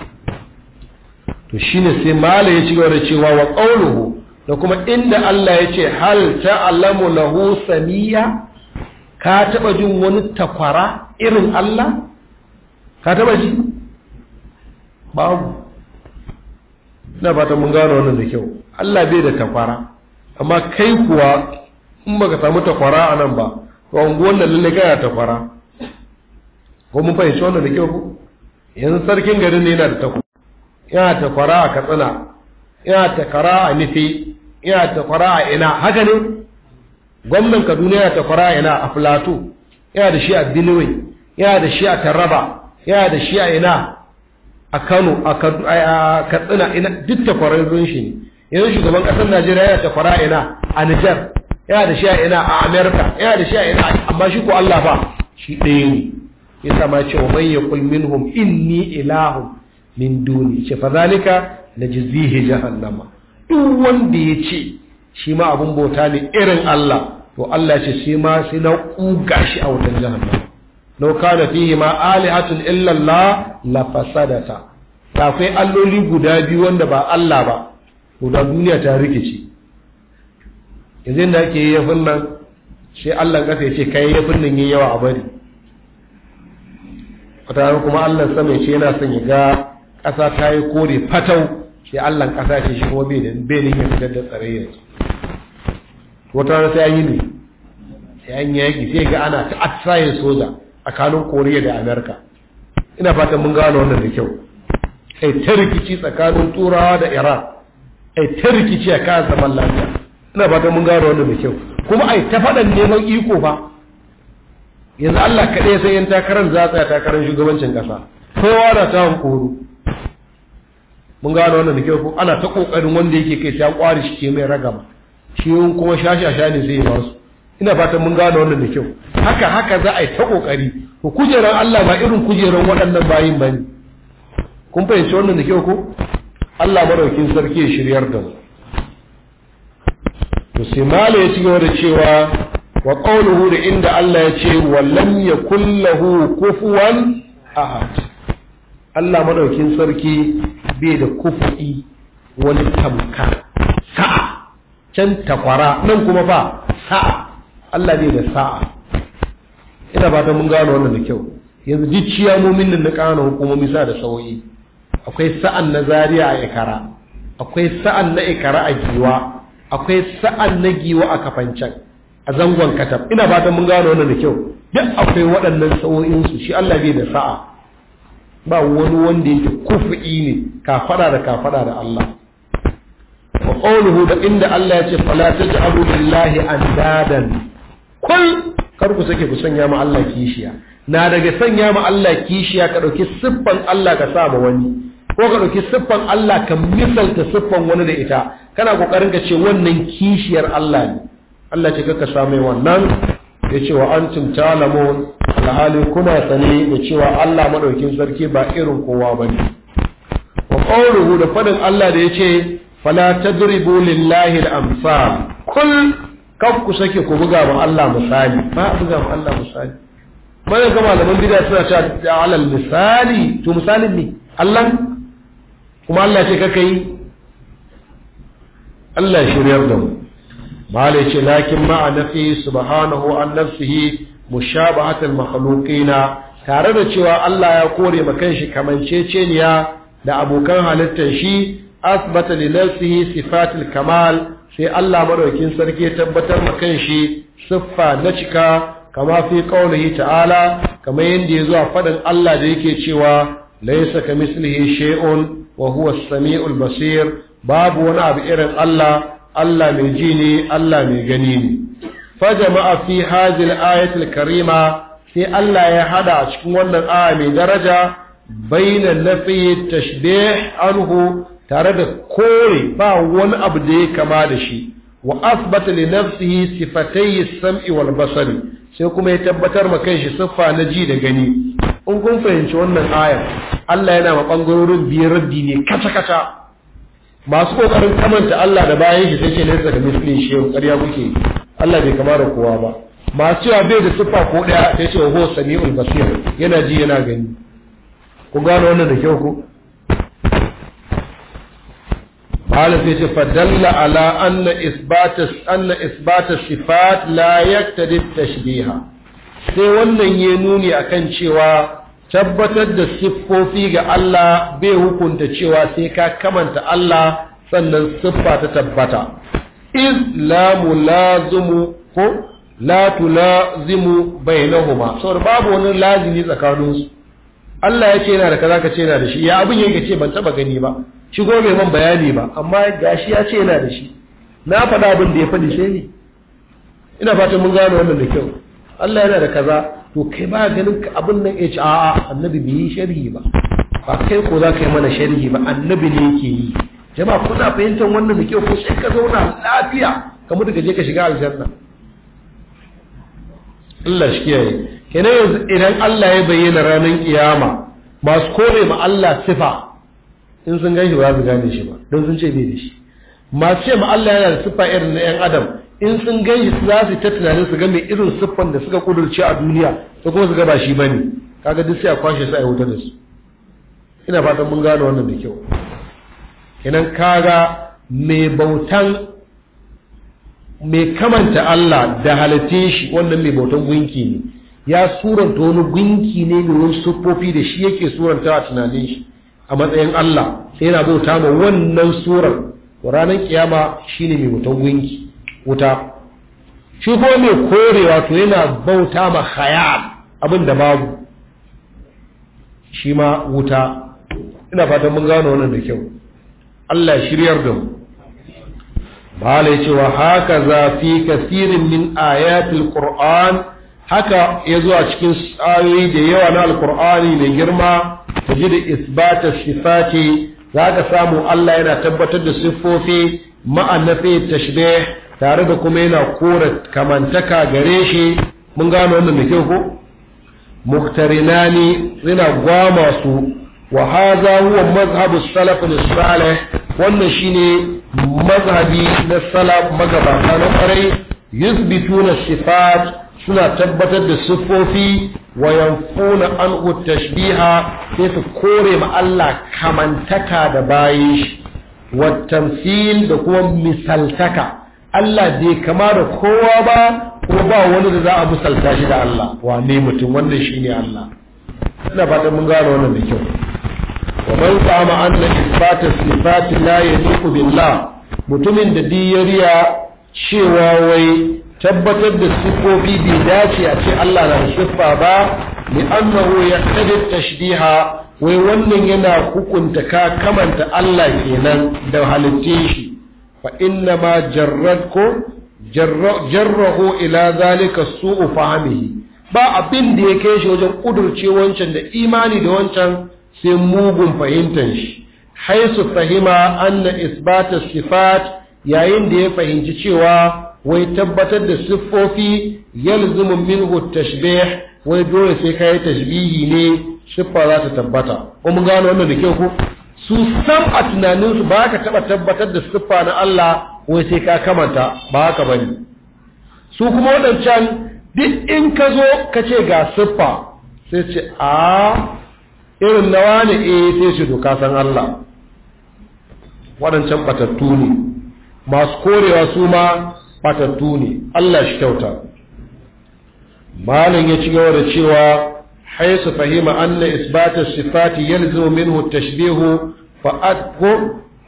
to shine sai mala ya ci gaba da cewa wa qawluhu da kuma inda Allah ya ce hal ta'lamu lahu samiya ka taba jin wani takwara irin Allah ka taba ji babu ina fata mun gano wannan da kyau Allah bai da takwara amma kai kuwa in baka samu takwara a nan ba to unguwan lalle lalle kana takwara ko mun fahimci wannan da kyau ko yanzu sarkin garin ne yana da takwara yana takwara a katsina yana takwara a nufi yana takwara a ina haka ne gwamnan kaduna yana takwara yana a filato yana da shi a benue yana da shi a taraba yana da shi a ina a kano a katsina ina duk takwarar shi ne yanzu shugaban ƙasar najeriya yana takwara ina a Niger, yana da shi a ina a amerika yana da shi a ina amma shi ko allah ba shi ɗaya ne ya sama ce wa man yaqul minhum inni ilahun min duni ce fa zalika jizihi jahannama duk wanda ya ce shi ma abun bauta ne irin Allah to Allah ce shi ma sai na kuga shi a wutan jahannam law kana fihi ma alihatun illa Allah la fasadata Ta kai alloli guda biyu wanda ba Allah ba to da duniya ta rikice yanzu da ake yafin nan sai Allah kasa ya ce kai yafin nan yi yawa a bari wata kuma Allah sama ya ce yana son ya ga ƙasa ta yi kore fatau shi allan kasa ce shi kuma bai da bai da yin fitar da tsarayyar wata rana sai an yi ne sai an yaki sai ga ana ta atsayin soja tsakanin Koriya da Amerika ina fatan mun gano wannan da kyau ai ta rikici tsakanin Turawa da Iran ai ta rikici a kan zaman lafiya ina fatan mun gano wannan da kyau kuma ai ta faɗan neman iko fa yanzu Allah kaɗai sai yan takarar za ta takarar shugabancin ƙasa kowa na samun koro mun gano wannan da kyau ko ana ta kokarin wanda yake kai ta kwari shi ke mai ragama shi kuma a ne sai ya ba su ina fatan mun gano wannan da kyau haka haka za a yi ta kokari ko kujeran Allah ba irin kujeran waɗannan bayin bane kun fahimci wannan da kyau ko Allah maraukin sarki ya shiryar da mu to sai mala ya cigaba da cewa wa qawluhu da inda Allah ya ce wallam yakullahu kufuwan ahad Allah madaukin sarki bai da kufi wani tamka sa'a can takwara nan kuma ba sa'a Allah bai da sa'a ina ba ta mun gano wannan da kyau yanzu duk ciyamomin nan na kana hukumomi sa da sauyi akwai sa'an na Zariya a ikara akwai sa'an na ikara a giwa akwai sa'an na giwa a kafancan a zangon katab ina ba ta mun gano wannan da kyau duk akwai waɗannan su shi Allah bai da sa'a ba wani wanda yake kufi ne fada da ka fada da Allah wa qawluhu da inda Allah ya ce fala taj'alu lillahi andadan kul kar ku sake ku sanya ma Allah kishiya na daga sanya ma Allah kishiya ka dauki siffan Allah ka sa ma wani ko ka dauki siffan Allah ka misalta siffan wani da ita kana kokarin ka ce wannan kishiyar Allah ne Allah ce kaka ka wannan ya ce wa antum talamun alhali kuna sane da cewa Allah maɗaukin sarki ba irin kowa ba ne. wa qawluhu da faɗin Allah da ya yace fala tadribu lillahi da amsa, kul kan ku sake ku buga ma Allah misali ba a buga ma Allah misali bayan ga malaman bid'a suna cewa alal misali to misalin ne Allah kuma Allah ce kaka yi Allah shiryar da mu malai ce lakin ma'anafi nafi subhanahu an nafsihi mushabahatul makhluqina tare da cewa Allah ya kore ma kanshi kamanceceniya da abokan halittar shi asbata li nafsihi sifatul kamal sai Allah madaukin sarki ya tabbatar ma kanshi siffa na cika kama fi qaulihi ta'ala kamar yanda yazo a fadin Allah da yake cewa laysa kamislihi shay'un wa huwa as-sami'ul basir babu wani abu irin Allah Allah mai ji ne Allah mai gani ne fa jama'a fi hadhihi karima sai Allah ya hada a cikin wannan aya mai daraja baina nafi tashbih anhu tare da kore ba wani abu da ya kama da shi wa asbata li nafsihi sifatay sam'i wal sai kuma ya tabbatar ma kanshi siffa na ji da gani in kun fahimci wannan ayar Allah yana ma bangarorin biyar rabbi ne kaca-kaca. masu kokarin kamanta Allah da bayan shi sai ce nesa da misli shi ƙarya kuke Allah bai kama da kowa ba masu cewa bai da siffa ko ɗaya, sai ce huwa samiul basir yana ji yana gani ku gano wannan da kyau ko Malam sai ce fadalla ala anna isbata anna isbata sifat la yaktadi tashbiha sai wannan ya nuni akan cewa tabbatar da siffofi ga Allah bai hukunta cewa sai ka kamanta Allah sannan siffa ta tabbata iz la mulazimu ko la tulazimu bainahuma saboda babu wani lazimi tsakaninsu Allah ya ce yana da kaza ka ce yana da shi ya abin yake ce ban taba gani ba shigo bai man bayani ba amma gashi ya ce yana da shi na faɗa abin da ya faɗi shi ne ina fatan mun gano wannan da kyau Allah yana da kaza to kai ba ganin abin nan ya ce a'a annabi bai yi sharhi ba ba kai ko za ka yi mana sharhi ba annabi ne yake yi jama'a kuna fahimtar wannan da kyau ko sai ka zauna lafiya ka mutu ka je ka shiga aljanna Allah shi kiyaye kenan yanzu idan Allah ya bayyana ranar kiyama masu kore ma Allah sifa in sun gan shi ba su gane shi ba don sun ce bai da shi masu ce ma Allah yana da sifa irin na 'yan adam in sun gan shi za su ta tunanin su ga mai irin siffan da suka kudurce a duniya da kuma su ga ba shi bane kaga duk sai a kwashe su a wuta da su ina fatan mun gane wannan da kyau kenan kaga mai bautan mai kamanta Allah da halittun shi wannan mai bautan gunki ne ya suranta wani gunki ne mai wani siffofi da shi yake suranta a tunanin shi a matsayin Allah sai yana bauta ma wannan suran. ranar kiyama shine mai bautan gunki wuta shi ko mai korewa to yana bauta ma khayal abin da babu shi ma wuta ina fatan mun gano wannan da kyau Allah shiryar da mu bala yace wa haka za fi kathirin min ayatil qur'an haka ya zuwa cikin tsayoyi da yawa na Alkur'ani mai girma ji da isbata Za zaka samu Allah yana tabbatar da siffofi ma'anafi tashbih tare da kuma yana kora kamantaka gare shi mun gano wannan da ke ko muktarinani yana gwama su wa haza huwa mazhabu salaf salih wannan shine mazhabi na salaf magabata na kwarai yuthbituna sifat suna tabbatar da siffofi wa yanfuna an tashbiha sai su kore ma Allah kamantaka da bayin shi wa tamthil da kuma misaltaka Allah bai kama da kowa ba ko ba wani da za a misalta shi da Allah wane mutum wannan shi ne Allah ina fata mun gano wannan da kyau wa man qama anna isbata sifati la yaliqu billah mutumin da yariya cewa wai tabbatar da sifofi bai dace a ce Allah na da ba li annahu yaqtadi tashbiha wai wannan yana hukunta ka kamanta Allah kenan da halittin shi fa inna ma jarratkum jarrahu ila zalika su'u fahmihi ba abin da ya kai shi wajen kudurce wancan da imani da wancan sai mugun fahimtar shi haisu fahima anna isbata sifat yayin da ya fahimci cewa wai tabbatar da siffofi yalzumu minhu tashbih wai dole sai kai tashbihi ne siffa za ta tabbata mun gano wannan da kyau ko su san a tunaninsu ba ka taɓa tabbatar da siffa na Allah wai sai ka kamanta ba haka bari. su kuma waɗancan duk in ka zo ka ce ga siffa sai ce a irin nawa ne eh sai shi doka san Allah waɗancan batattu ne masu korewa su ma batattu ne Allah shi kyauta malin ya ci gaba da cewa حيث فهم أن إثبات الصفات يلزم منه التشبيه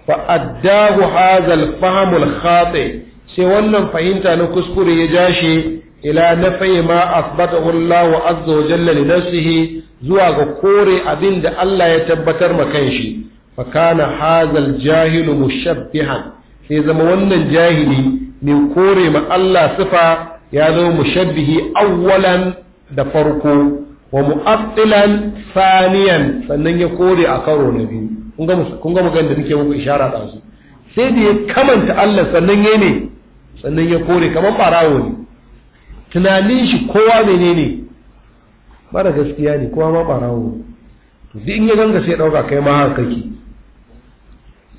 فأداه هذا الفهم الخاطئ سيوانا فهمت أن كسكر يجاشي إلى نفي ما أثبته الله عز وجل لنفسه زواغ كوري أبند ألا يتبتر مكانشي فكان هذا الجاهل مشبها sai zama wannan jahili mai kore ma Allah sifa ya zama mushabbihi awwalan da farko wa mu'attilan saniyan sannan ya kore a karo na biyu kun ga magana da nake muku ishara da su sai da ya kamanta Allah sannan ya ne sannan ya kore kamar barawo ne tunanin shi kowa menene mara gaskiya ne kowa ma barawo to duk in ya ganga sai dauka kai ma haka kake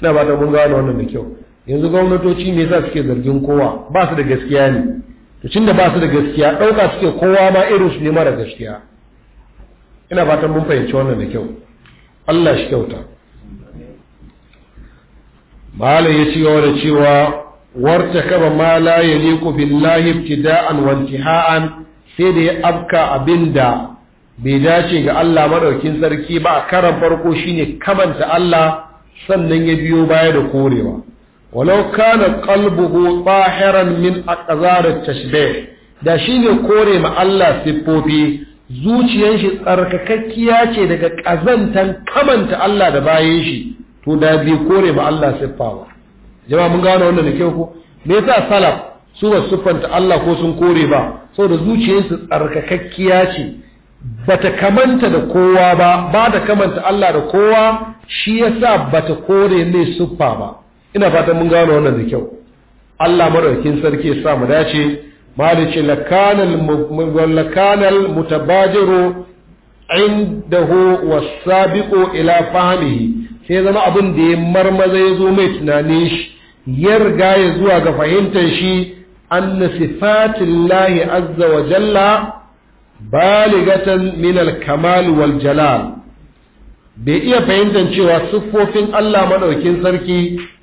ina ba ta mun gano wannan da kyau yanzu gwamnatoci ne za suke zargin kowa ba su da gaskiya ne to da ba su da gaskiya dauka suke kowa ma irin su ne mara gaskiya ina fatan mun fahimci wannan da kyau Allah shi kyauta malam ya ci gaba da cewa warta kaba ma la yaliqu billahi ibtida'an wa intiha'an sai da ya abka abinda bai dace ga Allah madaukin sarki ba a karan farko shine kamanta Allah sannan ya biyo baya da korewa walau kana qalbuhu tahiran min aqzar at-tashbih da shine kore ma Allah siffofi zuciyar shi tsarkakakkiya ce daga ƙazantan kamanta Allah da bayan shi to da biyu kore ba Allah siffawa jama'a mun gano wannan da kyau ko me yasa salaf su ba siffanta Allah ko sun kore ba saboda zuciyar su tsarkakakkiya ce bata kamanta da kowa ba ba da kamanta Allah da kowa shi yasa bata kore mai siffa ba ina fatan mun gano wannan da kyau Allah madaukakin sarki ya sa mu dace ba da ce lakanal mutabajiru indahu wasabiqu ila fahmihi sai zama abin da ya marmaza ya zo mai tunanin shi ya riga ya zuwa ga fahimtar shi anna sifatillahi azza wa jalla baligatan min al-kamal wal jalal bai iya fahimtar cewa siffofin Allah madaukin sarki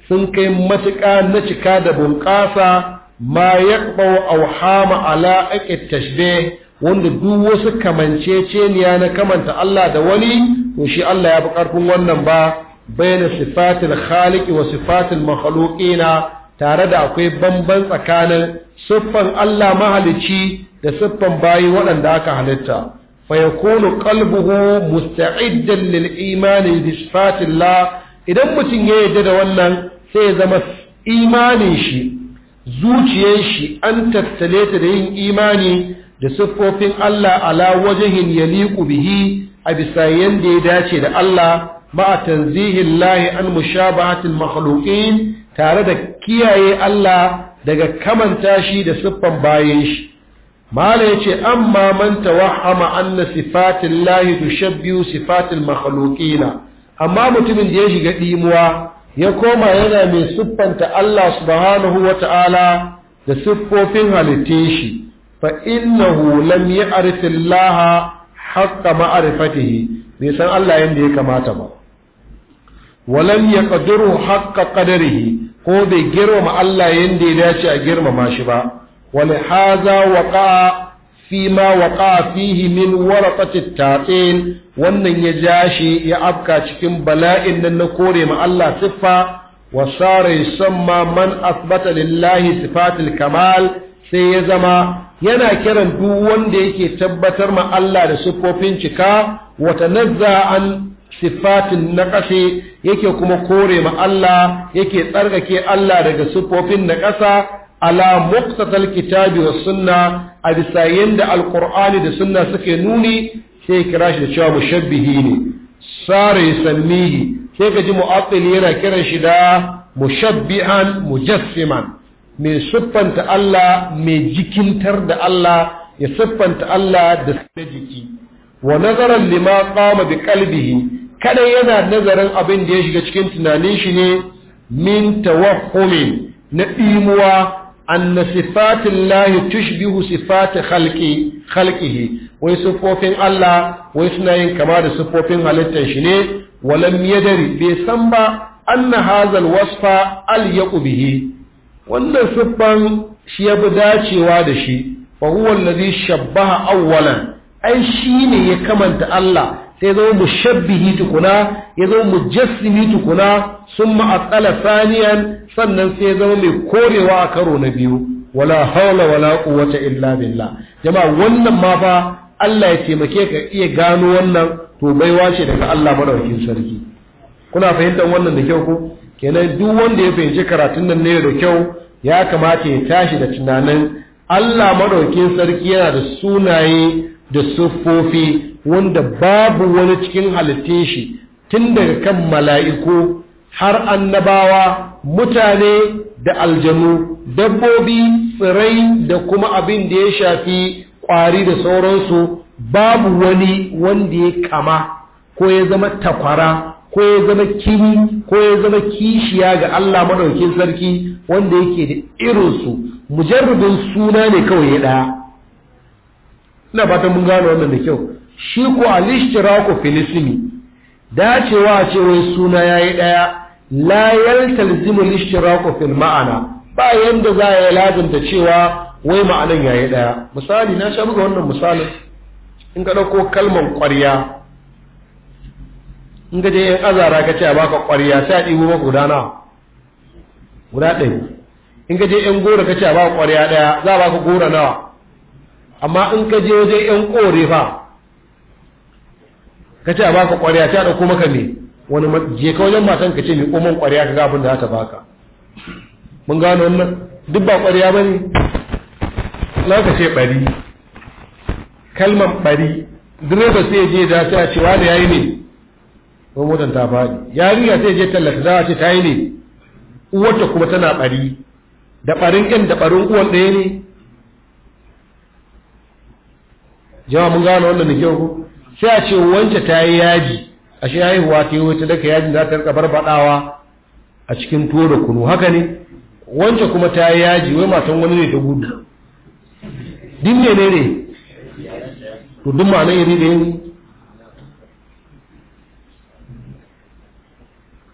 sun kai matuƙa na cika da bunƙasa ma yaqbau awhama ala aqit tashbih wanda duk wasu kamanceceniya na kamanta Allah da wani to shi Allah ya fi ƙarfin wannan ba baina sifatin khaliqi wa sifatil makhluqina tare da akwai bamban tsakanin siffan Allah mahalici da siffan bayi waɗanda aka halitta fa yakunu qalbuhu musta'iddan lil imani bi sifatillah idan mutum ya yarda da wannan sai ya zama imanin shi zuciyar shi an tattale ta da yin imani da siffofin Allah ala wajahin yaliku bihi a bisa yanda ya dace da Allah ma'a tanzihin lahi an mushabahatil makhluqin tare da kiyaye Allah daga kamanta shi da siffan bayan shi mala yace amma wa tawahhama anna sifatil lahi tushabbihu sifatin makhluqina amma mutumin da ya shiga ɗimuwa. ya koma yana mai siffanta Allah subhanahu wata'ala da siffofin halittun shi fa innahu lam ya'rif Laha haqqa ma'rifatihi bai san Allah yanda ya kamata ba walam ƙaduru haqqa qadarihi ko bai girmama Allah yanda ya dace a girmama shi ba wal haza waƙa? fi ma waqa fihi min warqati tatin wannan ya jashi ya afka cikin bala'in nan na kore ma Allah siffa wa sara yusamma man asbata lillahi kamal sai ya zama yana kiran duk wanda yake tabbatar ma Allah da siffofin cika wa tanazza siffatin sifatin naqasi yake kuma kore ma Allah yake tsarkake Allah daga siffofin ƙasa. ala muqtatal kitabi was sunna a bisa yanda alqur'ani da sunna suke nuni sai kira shi da cewa mushabbihi ne sare Sammihi sai ka ji mu'attil yana kiran shi da mushabbihan mujassiman Me siffanta Allah mai jikintar da Allah ya siffanta Allah da da jiki wa nazaran lima qama bi qalbihi kada yana nazarin abin da ya shiga cikin tunanin shi ne min tawahhumin na imuwa anna sifatin lahi tushbihu sifati khalqihi wai siffofin Allah wai suna yin kama da siffofin halittar shi ne walam yadari bai san ba anna hazal wasfa al yaqubihi wannan siffan shi ya bi dacewa da shi fa huwa shabbaha Auwalan, ai shi ne ya kamanta Allah sai zama shabbihi tukuna ya zo mu jassimi tukuna sun ma'atsala saniyan sannan sai zama mai korewa a karo na biyu wala haula wala quwwata illa billah jama'a wannan ma fa Allah ya taimake ka iya gano wannan to baiwa ce daga Allah madaukin sarki kuna fahimtar wannan da kyau ko kenan duk wanda ya fahimci karatun nan ne da kyau ya kamata ya tashi da tunanin Allah maɗaukin sarki yana da sunaye da siffofi wanda babu wani cikin halittun shi tun daga kan mala'iku har annabawa mutane da aljanu dabbobi tsirai da kuma abin da ya shafi ƙwari da sauransu babu wani wanda ya kama ko ya zama takwara ko ya zama kini ko ya zama kishiya ga Allah maɗaukin sarki wanda yake da irinsu mujarrabin suna ne kawai ya ɗaya ina fatan mun gano wannan da kyau shi ku alishtiraku fil ismi dacewa ce wai suna yayi daya la yaltalzimu al-ishtiraku fil ma'ana ba yanda za ya lazimta cewa wai ma'anan yayi daya misali na sha muka wannan misalin in ka dauko kalman ƙwarya in ka je yan azara ka ce a baka ƙwarya sai a ɗibo maka guda na guda ɗaya in ka je yan gora ka ce a baka ƙwarya ɗaya za a baka gora nawa amma in ka je wajen yan ƙore fa ka ce a baka ƙwarya ta ɗauko maka ne wani je ka wajen matan ka ce mai koman ƙwarya ka ga abin da za ta baka mun gano wannan duk ba ƙwarya ba ne za ka ce ɓari kalmar ɓari direba sai je da ta ce wani ya yi ne ko motan ta faɗi yarinya sai je tallata za a ce ta yi ne uwarta kuma tana ɓari da ɓarin ɗin da ɓarin uwan ɗaya ne jama'a mun gano wannan da kyau sai a ce wance ta yi yaji a shi haihuwa ta yi wuce daga yajin za ta rikabar baɗawa a cikin tuwo da kunu haka ne wance kuma ta yi yaji wai matan wani ne ta gudu din ne ne ne to duk ma nan iri da yin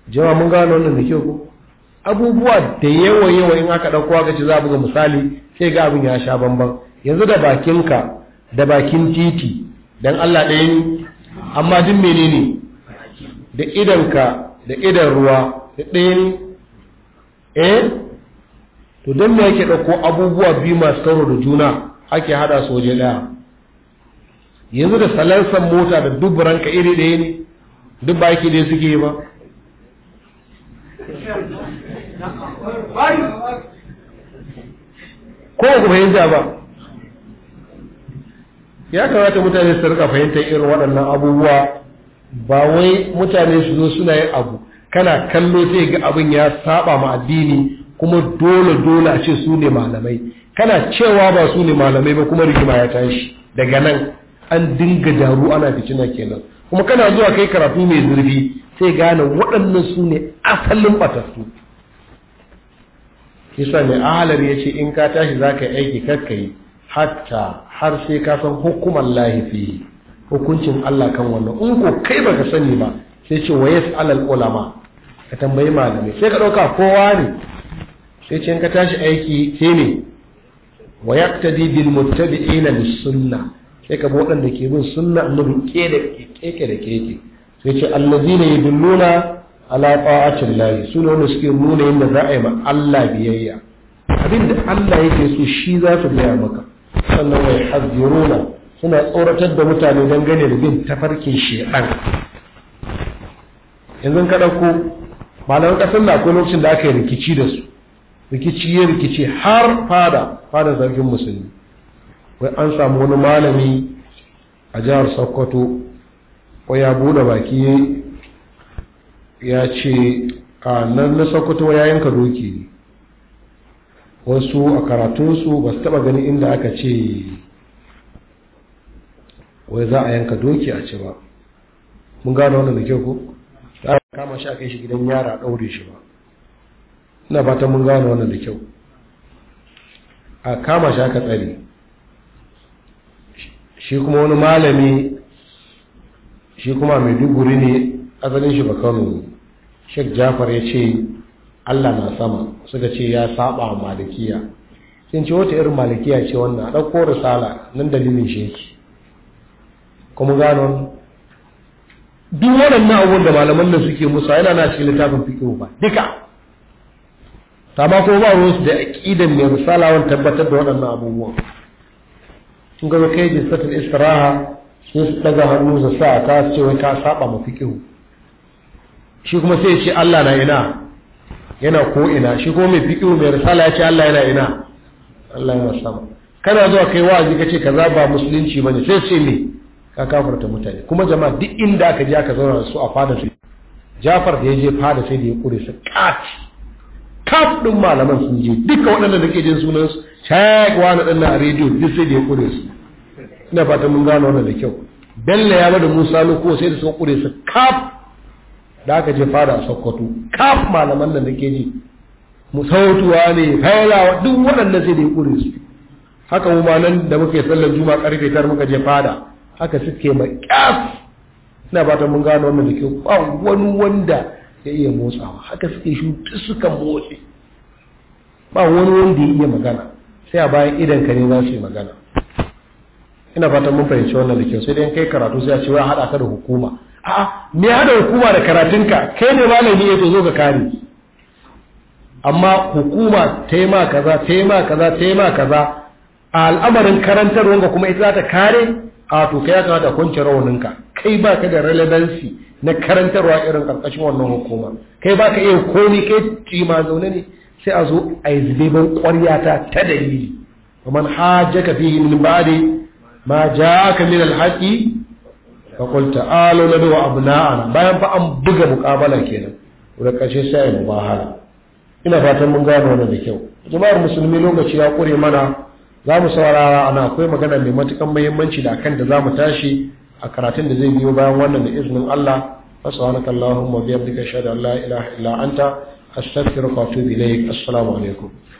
jama mun gano wannan da kyau abubuwa da yawa yawa in aka ɗauko aka ce za a buga misali sai ga abin ya sha bamban yanzu da bakinka da bakin titi dan Allah ɗaya ne amma duk menene da idanka da idan ruwa da ɗaya eh to don me yake ɗauko abubuwa biyu masu karo da juna ake haɗa su waje ɗaya yanzu da salansan mota da ka iri ɗaya ne duk ba yake dai suke ba ko ku fahimta ba ya kamata mutane su rika fahimtar irin waɗannan abubuwa ba wai mutane su zo suna yin abu kana kallo sai ga abin ya saba ma addini kuma dole dole a ce su ne malamai kana cewa ba su ne malamai ba kuma rigima ya tashi daga nan an dinga daru ana ficina kenan kuma kana zuwa kai karatu mai zurfi sai gane waɗannan su ne asalin batattu kisa mai ahalar ya ce in ka tashi za ka yi aiki kakka yi hatta har sai ka san hukumar lahifi hukuncin Allah kan wannan in ko kai baka sani ba sai ce wa alal ulama ka tambayi malamai sai ka dauka kowa ne sai ce in ka tashi aiki ke ne wa yaqtadi bil muttabi'ina bis sunna sai ka waɗanda ke bin sunna annabi ke da keke da keke sai ce allazina yadulluna ala ta'atin lahi su ne wanda suke nuna yadda za a yi ma Allah biyayya abinda Allah yake so shi za su biya maka sannan wai haziruna suna tsoratar da mutane gane da bin tafarkin shedan yanzu ka ɗauko malaman ƙasar na akwai lokacin da aka yi rikici da su rikici ya rikici har fada fada sarkin musulmi wai an samu wani malami a jihar sokoto wai ya buɗe baki ya ce a nan na sokoto ya yanka doki wasu a karatunsu ba su taba gani inda aka ce wai za a yanka doki a ce ba mun gano wannan da kyau ko ta kama shi a kai shi gidan yara ɗaure shi ba ina fatan mun gano wannan da kyau a kama shi aka tsari shi kuma wani malami shi kuma mai duguri ne asalin shi ba kano shek jafar ya ce Allah na sama suka ce ya saba wa malikiya sun ce wata irin malikiya ce wannan ɗauko risala nan dalilin shi yake kuma gano duk waɗannan abubuwan da malaman nan suke musa yana na cikin littafin fiƙe ba duka ta ma ko ba ruwansu da aƙidan mai risala wani tabbatar da waɗannan abubuwan sun gaba kai da satin istiraha sai su ɗaga hannu su sa ka ce wai ka saba ma fiƙo shi kuma sai ya ce Allah na ina yana ko ina shi ko mai fiƙi mai risala ya ce Allah yana ina Allah yana sama kana zuwa kai wa'azi kace kaza ba musulunci bane sai ce me ka kafarta mutane kuma jama'a duk inda aka je aka zauna su a fada su Jafar da ya je fada sai da ya kure su kaci kaf din malaman sun je duka waɗanda da ke jin sunan su shaq wani dan na rediyo duk sai da ya kure su ina fata mun gano wannan da kyau Bello ya bada Musa Luko sai da suka kure su kaf da aka je fada a sokoto kaf malaman nan da ke ji musautuwa ne faulawa duk waɗannan sai da ya su haka mu ma nan da muke sallar juma karfe tar muka je fada haka suke ma kaf ina fatan mun gano wannan da kyau ba wani wanda ya iya motsawa haka suke shi suka motsi ba wani wanda ya iya magana sai a bayan idan ka ne za su yi magana ina fatan mun fahimci wannan da kyau sai dai kai karatu sai a ce wai haɗa ka da hukuma a me hada hukuma da karatunka kai ne malami ya zo ka kare amma hukuma ta ma kaza kaza kaza a al'amarin karantarwa ga kuma ita za kare a to kai ya kamata kwanci ka. kai ba ka da relevancy na karantarwa irin karkashin wannan hukuma kai ba ka iya komai kai cima zaune ne sai a zo a yi zibin ƙwaryata ta dalili ومن حاجك فيه yi. Ma ja'aka min من fa na ta'alu abu abna'ana bayan fa an buga mukabala kenan wurin kashe sai mubahala ina fatan mun gane wannan da kyau jama'ar musulmi lokaci ya kure mana za mu saurara ana akwai magana mai matukan muhimmanci da kan da za mu tashi a karatun da zai biyo bayan wannan da izinin Allah فسبحانك اللهم وبحمدك اشهد ان لا اله الا انت استغفرك واتوب اليك السلام عليكم